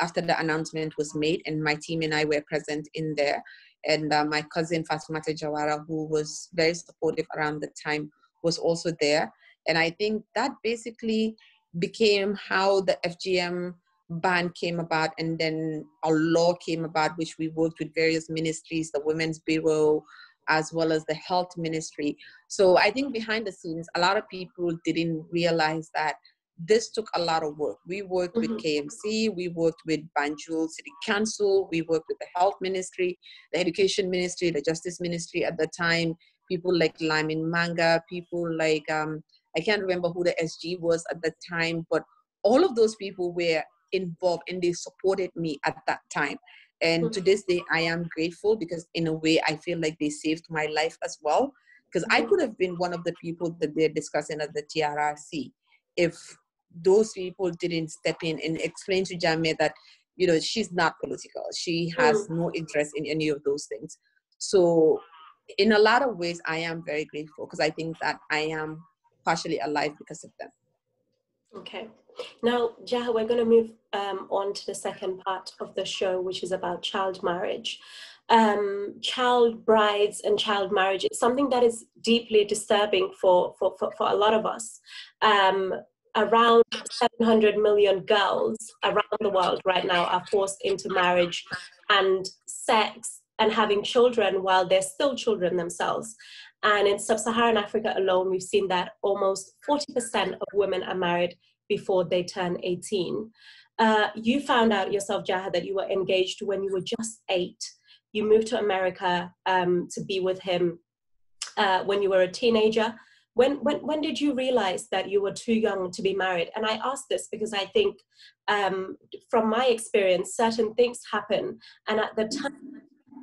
after the announcement was made and my team and I were present in there. And uh, my cousin Fatmata Jawara, who was very supportive around the time, was also there. And I think that basically became how the FGM ban came about and then a law came about which we worked with various ministries the women's bureau as well as the health ministry. So I think behind the scenes, a lot of people didn't realize that this took a lot of work. We worked mm-hmm. with KMC, we worked with Banjul City Council, we worked with the health ministry, the education ministry, the justice ministry at the time, people like Lyman Manga, people like, um, I can't remember who the SG was at the time, but all of those people were involved and they supported me at that time. And to this day, I am grateful because, in a way, I feel like they saved my life as well. Because I mm-hmm. could have been one of the people that they're discussing at the TRRC if those people didn't step in and explain to Jamie that, you know, she's not political. She has mm. no interest in any of those things. So, in a lot of ways, I am very grateful because I think that I am partially alive because of them. Okay. Now, Jaha, we're going to move um, on to the second part of the show, which is about child marriage. Um, child brides and child marriage is something that is deeply disturbing for, for, for, for a lot of us. Um, around 700 million girls around the world right now are forced into marriage and sex and having children while they're still children themselves. And in sub Saharan Africa alone, we've seen that almost 40% of women are married before they turn 18. Uh, you found out yourself, Jaha, that you were engaged when you were just eight. You moved to America um, to be with him uh, when you were a teenager. When, when, when did you realize that you were too young to be married? And I ask this because I think, um, from my experience, certain things happen. And at the time,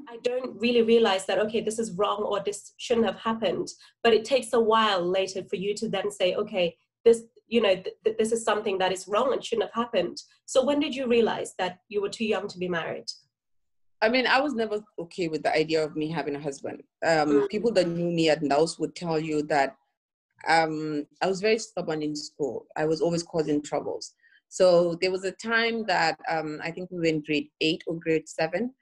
I don't really realize that, okay, this is wrong or this shouldn't have happened. But it takes a while later for you to then say, okay, this you know, th- th- this is something that is wrong and shouldn't have happened. So when did you realize that you were too young to be married? I mean, I was never okay with the idea of me having a husband. Um, mm. People that knew me at Naus would tell you that um, I was very stubborn in school. I was always causing troubles. So there was a time that um, I think we were in grade eight or grade seven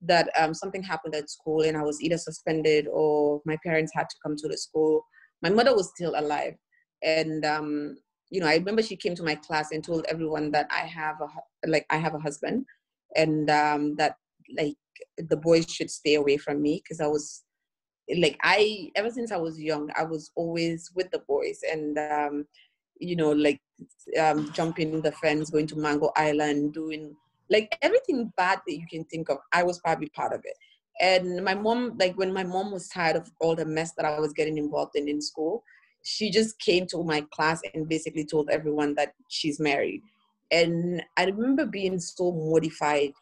that um, something happened at school and I was either suspended or my parents had to come to the school. My mother was still alive. And um, you know, I remember she came to my class and told everyone that I have a like I have a husband, and um, that like the boys should stay away from me because I was like I ever since I was young I was always with the boys and um, you know like um, jumping the fence, going to Mango Island, doing like everything bad that you can think of. I was probably part of it. And my mom, like when my mom was tired of all the mess that I was getting involved in in school, she just came to my class and basically told everyone that she's married. And I remember being so mortified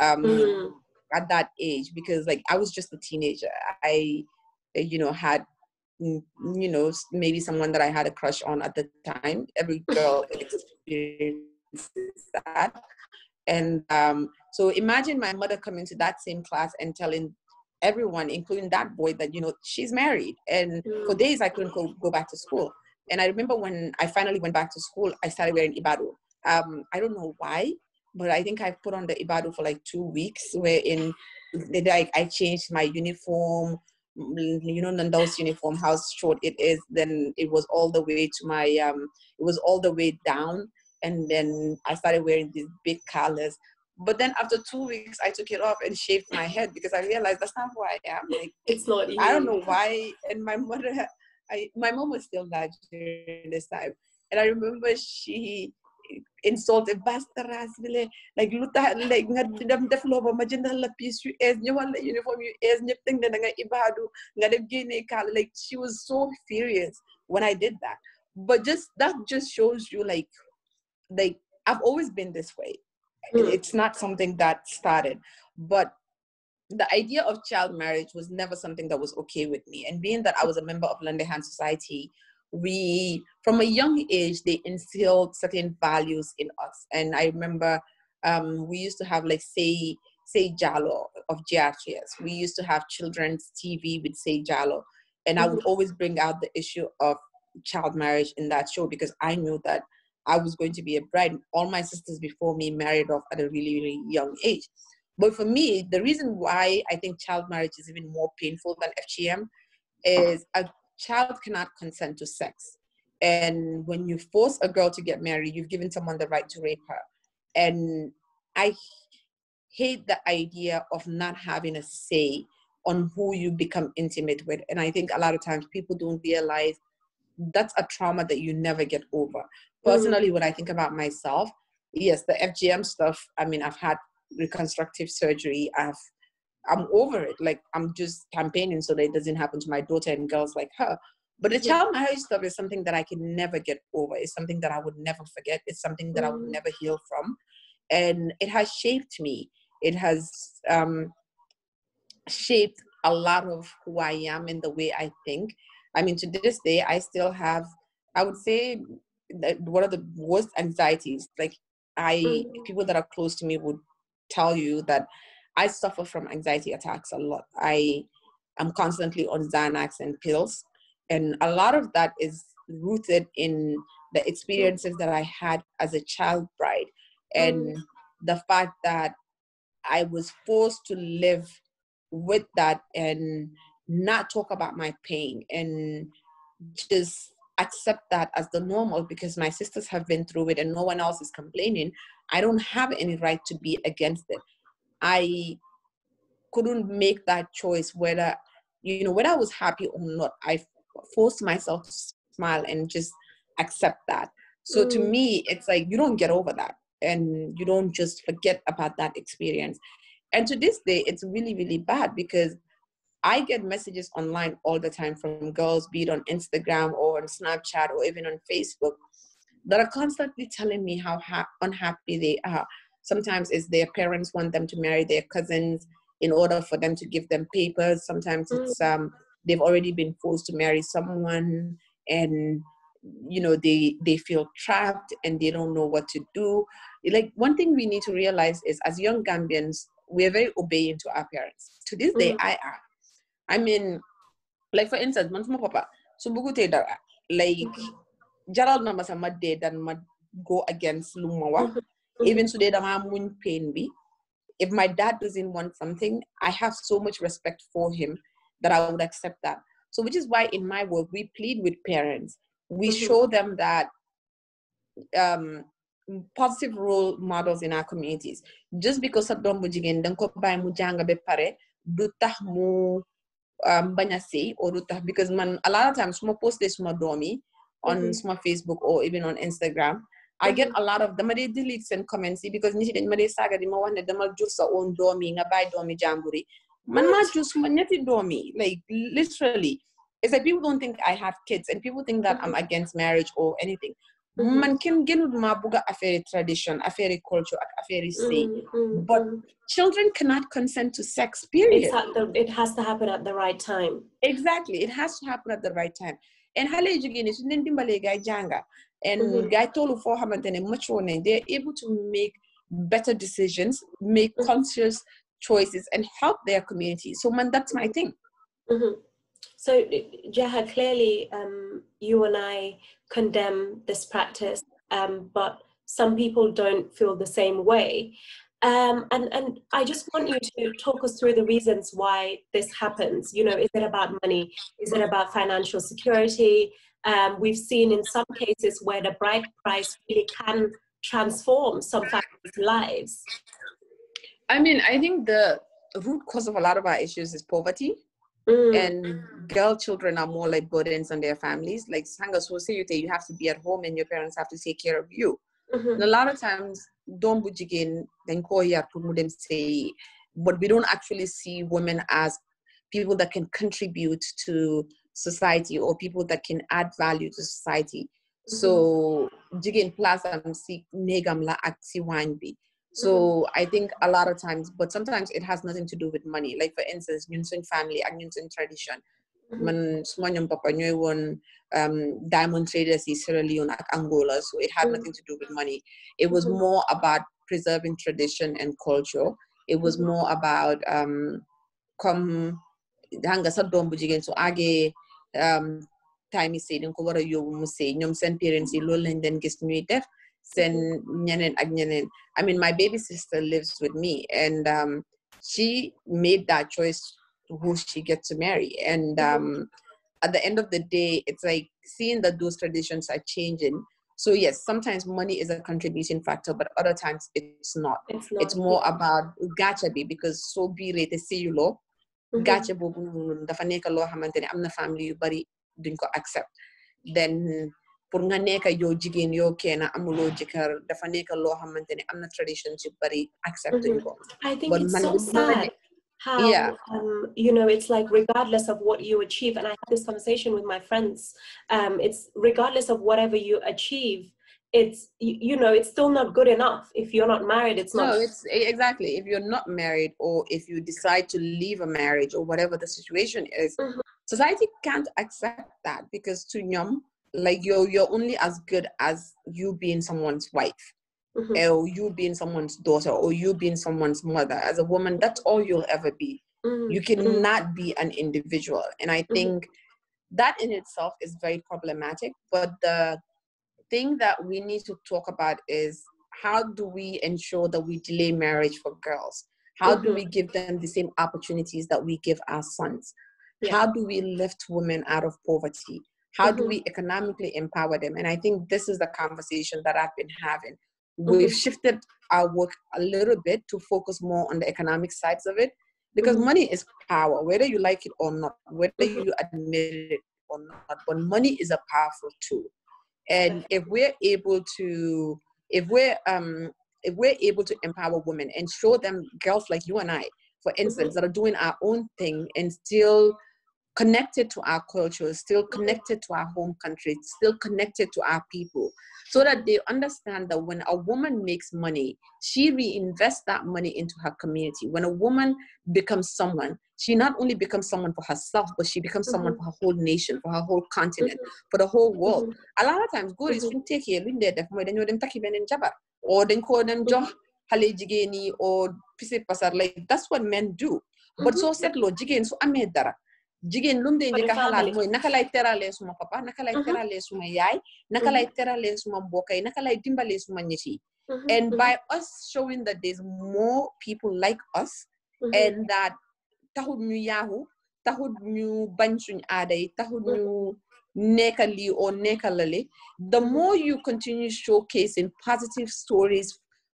um, mm. at that age because, like, I was just a teenager. I, you know, had, mm, you know, maybe someone that I had a crush on at the time. Every girl experiences that. And um, so imagine my mother coming to that same class and telling everyone, including that boy, that you know she's married. And for mm. days I couldn't go, go back to school. And I remember when I finally went back to school, I started wearing ibado. Um, I don't know why, but I think I put on the ibado for like two weeks, where in like I changed my uniform. Mm, you know, Nando's uniform, how short it is. Then it was all the way to my. Um, it was all the way down, and then I started wearing these big colors. But then after two weeks, I took it off and shaved my head because I realized that's not who I am. Like it's not. I don't know why. And my mother, I my mom was still during this time, and I remember she insulted basta like luta like nga dem def lo ba ma jëndal la piece yu es ñewal la uniform yu es ñep teng da nga ibadu nga dem gene kal like she was so furious when I did that but just that just shows you like like I've always been this way Mm. It's not something that started, but the idea of child marriage was never something that was okay with me. And being that I was a member of London Hand Society, we, from a young age, they instilled certain values in us. And I remember um, we used to have, like, say, say Jalo of GRTS. We used to have children's TV with Say Jalo. And I would mm-hmm. always bring out the issue of child marriage in that show because I knew that I was going to be a bride. All my sisters before me married off at a really, really young age. But for me, the reason why I think child marriage is even more painful than FGM is a child cannot consent to sex. And when you force a girl to get married, you've given someone the right to rape her. And I hate the idea of not having a say on who you become intimate with. And I think a lot of times people don't realize that's a trauma that you never get over. Mm-hmm. personally, when I think about myself, yes, the FGM stuff, I mean, I've had reconstructive surgery. I've, I'm over it. Like, I'm just campaigning so that it doesn't happen to my daughter and girls like her. But the child marriage stuff is something that I can never get over. It's something that I would never forget. It's something that I would mm-hmm. never heal from. And it has shaped me. It has um, shaped a lot of who I am and the way I think. I mean, to this day, I still have, I would say, that one of the worst anxieties like i mm-hmm. people that are close to me would tell you that i suffer from anxiety attacks a lot i am constantly on xanax and pills and a lot of that is rooted in the experiences that i had as a child bride and mm-hmm. the fact that i was forced to live with that and not talk about my pain and just accept that as the normal because my sisters have been through it and no one else is complaining. I don't have any right to be against it. I couldn't make that choice whether, you know, whether I was happy or not. I forced myself to smile and just accept that. So mm. to me, it's like you don't get over that and you don't just forget about that experience. And to this day, it's really, really bad because I get messages online all the time from girls, be it on Instagram or on Snapchat or even on Facebook, that are constantly telling me how ha- unhappy they are. Sometimes it's their parents want them to marry their cousins in order for them to give them papers. Sometimes mm. it's um, they've already been forced to marry someone and you know they they feel trapped and they don't know what to do like one thing we need to realize is as young gambians we're very obedient to our parents to this day mm-hmm. i am I mean, like for instance, man sama papa su bëggutee dara like jaral na ma sa ma and dan ma go against lu Even today, even su won't pay pain bi if my dad doesn't want something, I have so much respect for him that I would accept that. So, which is why in my work, we plead with parents. We mm-hmm. show them that um, positive role models in our communities. Just because Sabdon Bujigin, Danko Bay Mujanga Bepare, Dutah Mu um, or because man a lot of times su ma posté suma on mm-hmm. Facebook or even on Instagram I get mm-hmm. a lot of them dee delete and comments because ñi si dañ ma dee saaga di ma them ne dama jur sa own doom yi nga bàyyi doomi jàmbur yi man maa jur suma ñetti doom like literally it's like people don't think I have kids and people think that mm-hmm. I'm against marriage or anything Mm-hmm. man kenn gënul maa bugga affaire tradition affaire culture ak affaire say but children cannot consent to sex period it has to happen at the right time exactly it has to happen at the right time and xale yu jigéen yi suñ leen dimbalee gaay jànga and mm-hmm. gaay toolu foo xamante ne mature one; they are able to make better decisions make mm-hmm. conscious choices and help their community so man that's my thing mm -hmm. so jaha clearly um, you and i condemn this practice, um, but some people don't feel the same way. Um, and, and I just want you to talk us through the reasons why this happens. You know, is it about money? Is it about financial security? Um, we've seen in some cases where the bride price really can transform some families' lives. I mean, I think the root cause of a lot of our issues is poverty. Mm. And girl children are more like burdens on their families. Like Sanga, so say you have to be at home and your parents have to take care of you. Mm-hmm. And a lot of times don't bujigin then them say but we don't actually see women as people that can contribute to society or people that can add value to society. Mm-hmm. So jigin plus I'm see negam la wine be. So mm-hmm. I think a lot of times, but sometimes it has nothing to do with money. Like for instance, ñun family and ñun tradition. Mm-hmm. Man suma ñom papa won um diamond traders in Sierra Leone ak Angola, so it had mm-hmm. nothing to do with money. It was more about preserving tradition and culture. It was more about um come hanga sa dom jigen so age um time is saying ko wara yobu mu say ñom sen parents yi lool lañ den gis ñuy def and I mean, my baby sister lives with me, and um, she made that choice who she gets to marry. And um, at the end of the day, it's like seeing that those traditions are changing. So yes, sometimes money is a contributing factor, but other times it's not. It's, not. it's more about gachabi because so be rate see you law. Mm-hmm. Gacha bobu the nek lo xamanteni amna family yu bari duñ ko accept. Then pour nga nekk yow jigéen yow amuloo jëkkër dafa nekk loo xamante ne am na traditions yu mm-hmm. ko I think it's so sad how yeah. um, you know it's like regardless of what you achieve and I had this conversation with my friends um, it's regardless of whatever you achieve it's you know it's still not good enough if you're not married it's not no it's exactly if you're not married or if you decide to leave a marriage or whatever the situation is mm -hmm. society can't accept that because to nyom like you're you're only as good as you being someone's wife mm-hmm. or you being someone's daughter or you being someone's mother as a woman that's all you'll ever be mm-hmm. you cannot mm-hmm. be an individual and i mm-hmm. think that in itself is very problematic but the thing that we need to talk about is how do we ensure that we delay marriage for girls how do we mm-hmm. give them the same opportunities that we give our sons yeah. how do we lift women out of poverty how mm-hmm. do we economically empower them? And I think this is the conversation that I've been having. Mm-hmm. We've mm-hmm. shifted our work a little bit to focus more on the economic sides of it because mm-hmm. money is power, whether you like it or not, whether mm-hmm. you admit it or not. But money is a powerful tool. And if we're able to, if we're, um, if we're able to empower women and show them girls like you and I, for mm-hmm. instance, that are doing our own thing and still connected to our culture, still connected to our home country, still connected to our people, so that they understand that when a woman makes money, she reinvests that money into her community. When a woman becomes someone, she not only becomes someone for herself, but she becomes mm-hmm. someone for her whole nation, for her whole continent, mm-hmm. for the whole world. Mm-hmm. A lot of times, girls is from mm-hmm. take here, there, def you them yo dem them in jabar, or den call them mm-hmm. job hale jigeni or pise pasar. Like that's what men do. But mm-hmm. so said lo jigen so ame dara jigéen lu mu dee njëkk a xalaat mooy naka lay teralee suma papa naka lay uh-huh. teralee suma yaay naka lay uh-huh. teralee suma mbokk yi naka lay dimbalee suma nit yi uh-huh. and by us showing that there's more people like us and that taxut ñu yaaxu taxut ñu bañ suñ aada yi taxut ñu nekka lii oo nekka lale the more you continue showcasing positive stories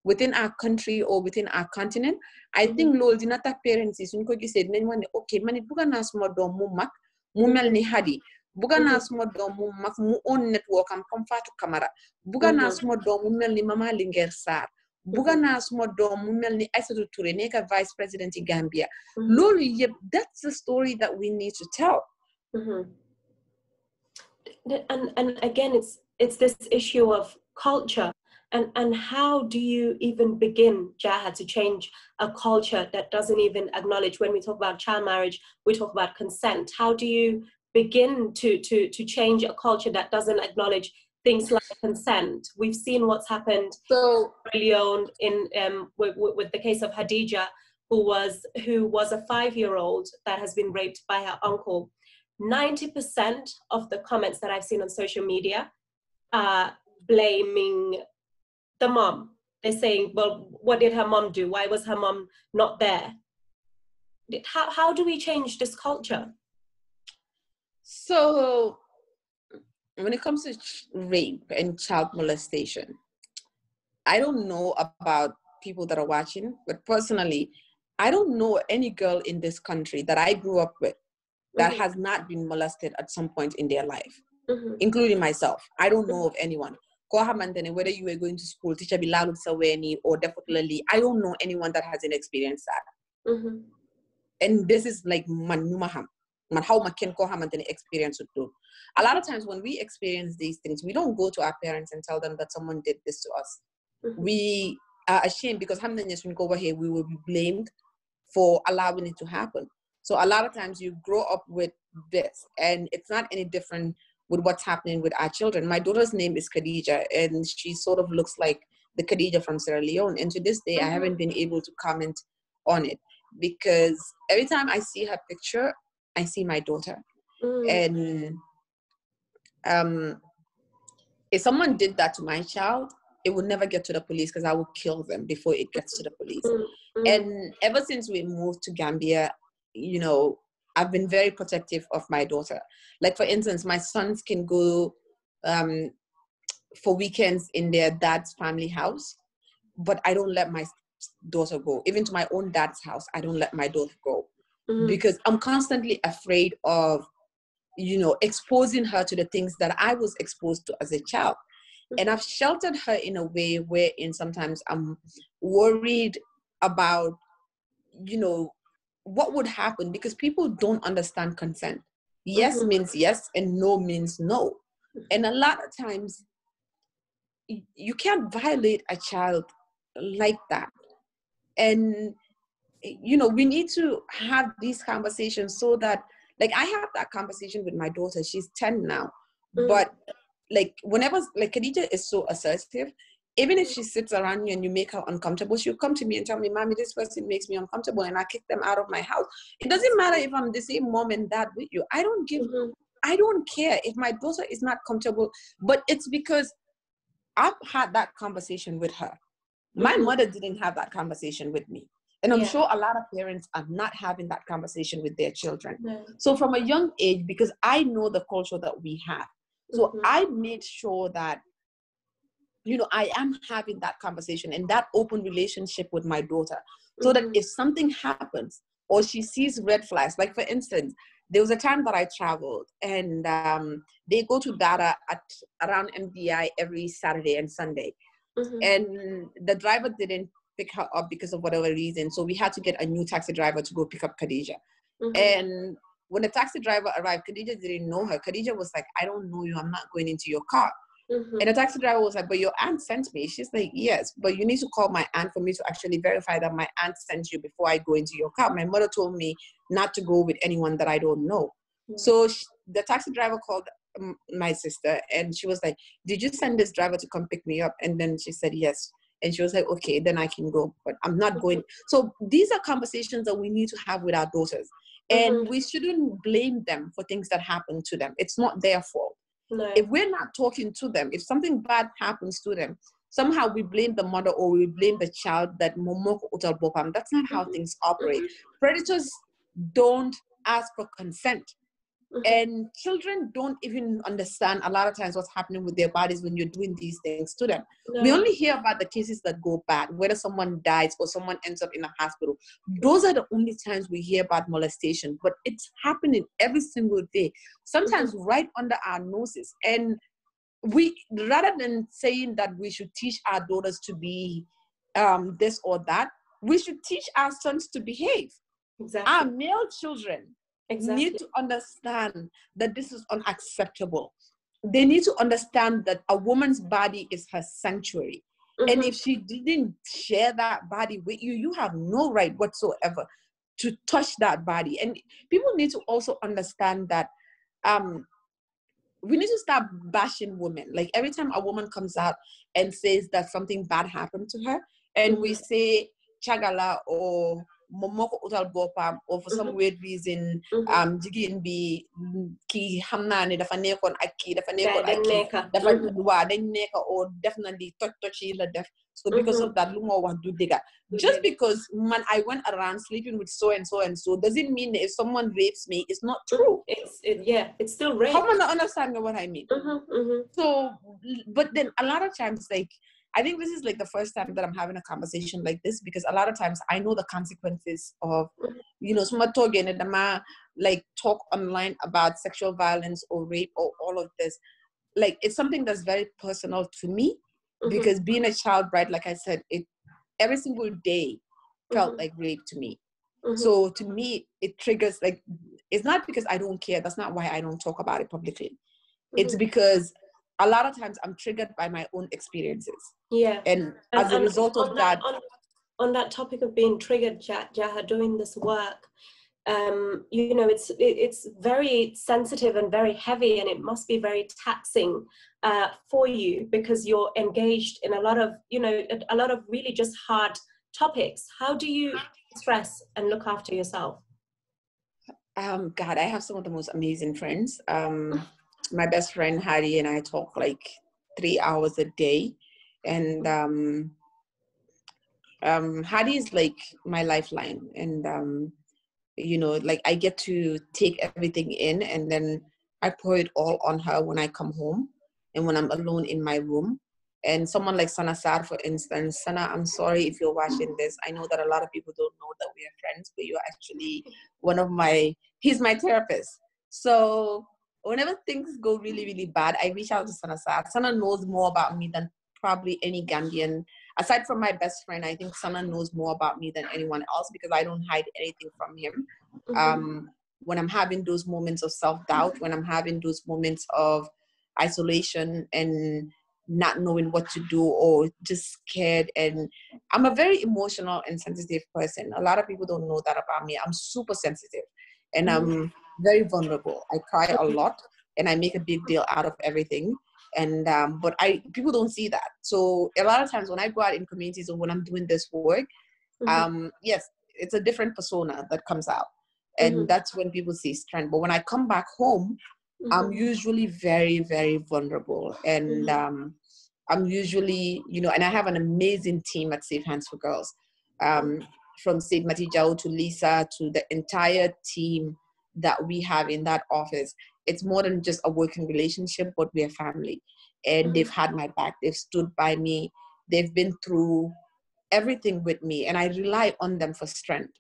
within our country or within our continent. I mm-hmm. think loolu dina tax parents is suñ ko gisee dinañ wax ne ok man it bugga naa suma doom mu mag mu mel ni Hadi bugga mm-hmm. naa suma doom mu mag mu own network am comme Fatou Camara bugga naa mm-hmm. suma doom mu mel ni Mama Linguère Sarr bugga naa suma doom mu ni Aïssatou Touré vice president yi Gambia loolu that's the story that we need to tell and and again it's it's this issue of culture and and how do you even begin jihad to change a culture that doesn't even acknowledge when we talk about child marriage we talk about consent how do you begin to to to change a culture that doesn't acknowledge things like consent we've seen what's happened so in um, with, with the case of Hadija who was who was a 5 year old that has been raped by her uncle 90% of the comments that i've seen on social media are blaming the mom. They're saying, well, what did her mom do? Why was her mom not there? How, how do we change this culture? So, when it comes to rape and child molestation, I don't know about people that are watching, but personally, I don't know any girl in this country that I grew up with that mm-hmm. has not been molested at some point in their life, mm-hmm. including myself. I don't mm-hmm. know of anyone koo xamante whether you were going to school teacher Bilal saweni or definitely, I don't know anyone that hasn't experienced that mm-hmm. and this is like man ñu ma xam man xaw ma kenn koo xamante experience ut loolu a lot of times when we experience these things we don't go to our parents and tell them that someone did this to us mm-hmm. we are ashamed because many nañ we go over here, we will be blamed for allowing it to happen so a lot of times you grow up with this and it's not any different with what's happening with our children. My daughter's name is Khadija, and she sort of looks like the Khadija from Sierra Leone. And to this day, I mm-hmm. haven't been able to comment on it because every time I see her picture, I see my daughter. Mm. And um, if someone did that to my child, it would never get to the police because I would kill them before it gets to the police. Mm. And ever since we moved to Gambia, you know, I've been very protective of my daughter. Like for instance, my sons can go um, for weekends in their dad's family house, but I don't let my daughter go. Even to my own dad's house, I don't let my daughter go mm-hmm. because I'm constantly afraid of, you know, exposing her to the things that I was exposed to as a child. Mm-hmm. And I've sheltered her in a way wherein sometimes I'm worried about, you know, what would happen because people don't understand consent yes mm-hmm. means yes and no means no and a lot of times you can't violate a child like that and you know we need to have these conversations so that like i have that conversation with my daughter she's 10 now mm-hmm. but like whenever like Khadija is so assertive even if she sits around you and you make her uncomfortable, she'll come to me and tell me, Mommy, this person makes me uncomfortable, and I kick them out of my house. It doesn't matter if I'm the same mom and dad with you. I don't give, mm-hmm. I don't care if my daughter is not comfortable, but it's because I've had that conversation with her. My mm-hmm. mother didn't have that conversation with me. And I'm yeah. sure a lot of parents are not having that conversation with their children. So, from a young age, because I know the culture that we have, so mm-hmm. I made sure that you know, I am having that conversation and that open relationship with my daughter so that mm-hmm. if something happens or she sees red flags, like for instance, there was a time that I traveled and um, they go to Dara at around MBI every Saturday and Sunday. Mm-hmm. And the driver didn't pick her up because of whatever reason. So we had to get a new taxi driver to go pick up Khadija. Mm-hmm. And when the taxi driver arrived, Khadija didn't know her. Khadija was like, I don't know you. I'm not going into your car. Mm-hmm. And the taxi driver was like, But your aunt sent me. She's like, Yes, but you need to call my aunt for me to actually verify that my aunt sent you before I go into your car. My mother told me not to go with anyone that I don't know. Mm-hmm. So she, the taxi driver called um, my sister and she was like, Did you send this driver to come pick me up? And then she said, Yes. And she was like, Okay, then I can go, but I'm not mm-hmm. going. So these are conversations that we need to have with our daughters. And mm-hmm. we shouldn't blame them for things that happen to them. It's not their fault. No. If we're not talking to them, if something bad happens to them, somehow we blame the mother or we blame the child that That's not how mm-hmm. things operate. Mm-hmm. Predators don't ask for consent. Mm-hmm. And children don't even understand a lot of times what's happening with their bodies when you're doing these things to them. No. We only hear about the cases that go bad, whether someone dies or someone ends up in a hospital. Those are the only times we hear about molestation, but it's happening every single day, sometimes mm-hmm. right under our noses. And we, rather than saying that we should teach our daughters to be um, this or that, we should teach our sons to behave. Exactly. Our male children exactly. need to understand that this is unacceptable. They need to understand that a woman's body is her sanctuary. Mm-hmm. And if mm-hmm. she didn't share that body with you, you have no right whatsoever to touch that body. And people need to also understand that um, we need to stop bashing women. Like every time a woman comes out and says that something bad happened to her, and we mm-hmm. say chagala or momoko utal bopam or for some mm-hmm. weird reason mm-hmm. am jigéen bi mm, ki xam naa ne dafa nekkoon ak kii dafa nekkoon ak kii dafa wa dañ nekka oo definitely na li la def so mm-hmm. because of that lu moo wax du just because man I went around sleeping with so and so and so doesn't mean if someone rapes me it's not true it's it, yeah it's still rape how man understand what I mean so but then a lot of times like I think this is like the first time that I'm having a conversation like this because a lot of times I know the consequences of, you know, like talk online about sexual violence or rape or all of this. Like it's something that's very personal to me mm-hmm. because being a child bride, like I said, it every single day felt mm-hmm. like rape to me. Mm-hmm. So to me, it triggers like it's not because I don't care. That's not why I don't talk about it publicly. It's mm-hmm. because a lot of times I'm triggered by my own experiences. Yeah. And, and as a result of that, that on, on, that topic of being triggered, Jaha, doing this work, um, you know, it's it, it's very sensitive and very heavy, and it must be very taxing uh, for you because you're engaged in a lot of you know a, a lot of really just hard topics. How do you stress and look after yourself? Um, God, I have some of the most amazing friends. Um, my best friend Hadi and I talk like three hours a day, and um, um, Hadi is like my lifeline, and um, you know, like I get to take everything in, and then I pour it all on her when I come home, and when I'm alone in my room. And someone like Sana Sar, for instance, Sana, I'm sorry if you're watching this. I know that a lot of people don't know that we are friends, but you're actually one of my. He's my therapist. So whenever things go really, really bad, I reach out to Sana Sanaa Sana knows more about me than probably any Gambian. Aside from my best friend, I think Sana knows more about me than anyone else because I don't hide anything from him. Mm-hmm. Um, when I'm having those moments of self doubt, when I'm having those moments of isolation and not knowing what to do or just scared and i'm a very emotional and sensitive person a lot of people don't know that about me i'm super sensitive and i'm um, mm-hmm very vulnerable. I cry a lot and I make a big deal out of everything. And um, but I people don't see that. So a lot of times when I go out in communities and when I'm doing this work, mm-hmm. um, yes, it's a different persona that comes out, and mm-hmm. that's when people see strength. But when I come back home, mm-hmm. I'm usually very very vulnerable, and mm-hmm. um, I'm usually you know, and I have an amazing team at Safe Hands for Girls, um, from Sid Matijao to Lisa to the entire team that we have in that office it's more than just a working relationship but we're family and mm-hmm. they've had my back they've stood by me they've been through everything with me and i rely on them for strength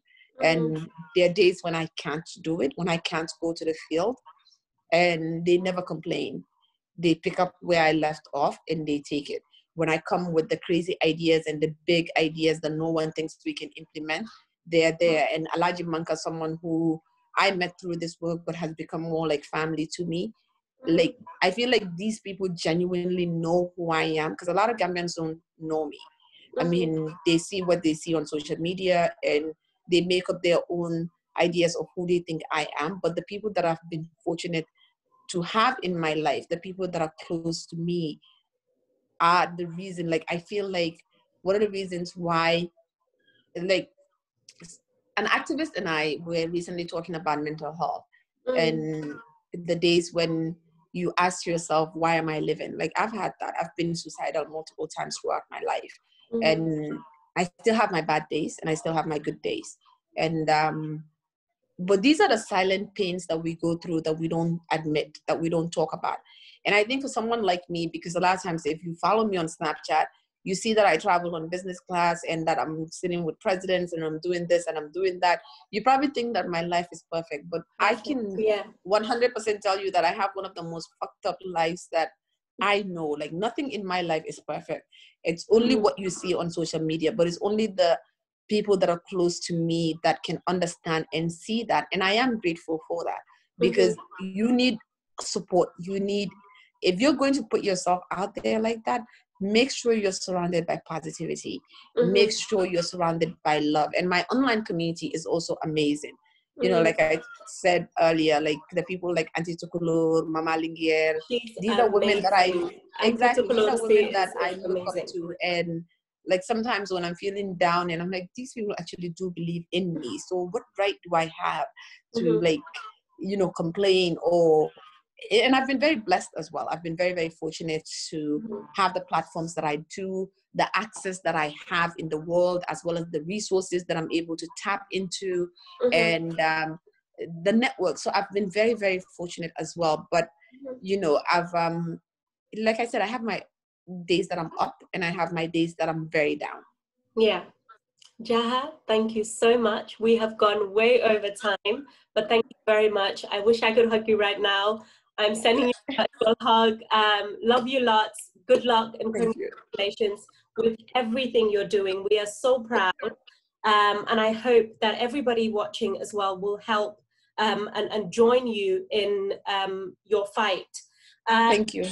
mm-hmm. and there are days when i can't do it when i can't go to the field and they never complain they pick up where i left off and they take it when i come with the crazy ideas and the big ideas that no one thinks we can implement they're there mm-hmm. and alaji manka someone who I met through this work, but has become more like family to me. Mm-hmm. Like I feel like these people genuinely know who I am because a lot of Gambians don't know me. I mm-hmm. mean, they see what they see on social media and they make up their own ideas of who they think I am. But the people that I've been fortunate to have in my life, the people that are close to me, are the reason. Like I feel like one of the reasons why, like an activist and I were recently talking about mental health mm. and the days when you ask yourself, why am I living? Like I've had that. I've been suicidal multiple times throughout my life. Mm. And I still have my bad days and I still have my good days. And um but these are the silent pains that we go through that we don't admit, that we don't talk about. And I think for someone like me, because a lot of times if you follow me on Snapchat, you see that I travel on business class and that I'm sitting with presidents and I'm doing this and I'm doing that, you probably think that my life is perfect. But I can yeah. 100% tell you that I have one of the most fucked up lives that I know. Like nothing in my life is perfect. It's only mm. what you see on social media, but it's only the people that are close to me that can understand and see that. And I am grateful for that mm-hmm. because mm-hmm. you need support. You need, if you're going to put yourself out there like that, make sure you're surrounded by positivity mm-hmm. make sure you're surrounded by love and my online community is also amazing you know, mm-hmm. like I said earlier, like the people like Auntie Tukulur, Mama Lingier, these are women that I exactly these are women that I look amazing. up to, and like sometimes when I'm feeling down and I'm like, these people actually do believe in me. So what right do I have to mm-hmm. like, you know, complain or and I've been very blessed as well. I've been very, very fortunate to have the platforms that I do, the access that I have in the world, as well as the resources that I'm able to tap into, mm-hmm. and um, the network. So I've been very, very fortunate as well. But mm-hmm. you know, I've um, like I said, I have my days that I'm up, and I have my days that I'm very down. Yeah. Jaha, thank you so much. We have gone way over time, but thank you very much. I wish I could hug you right now. I'm sending you a hug. Um, love you lots. Good luck and congratulations with everything you're doing. We are so proud. Um, and I hope that everybody watching as well will help um, and, and, join you in um, your fight. Um, thank you,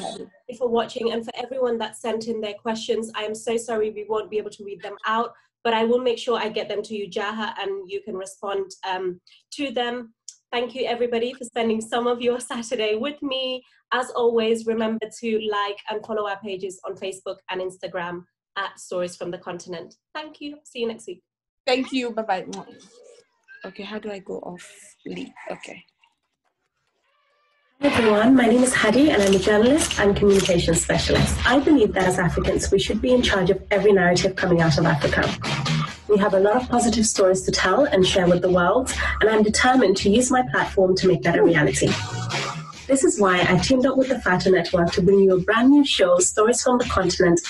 for watching and for everyone that sent in their questions. I am so sorry we won't be able to read them out, but I will make sure I get them to you, Jaha, and you can respond um, to them. Thank you everybody for spending some of your Saturday with me. As always, remember to like and follow our pages on Facebook and Instagram at Stories from the Continent. Thank you. See you next week. Thank you. Bye bye. Okay, how do I go off leave? Okay. Hi everyone, my name is Hadi and I'm a journalist and communications specialist. I believe that as Africans, we should be in charge of every narrative coming out of Africa. We have a lot of positive stories to tell and share with the world, and I'm determined to use my platform to make that a reality. This is why I teamed up with the FATA Network to bring you a brand new show, Stories from the Continent,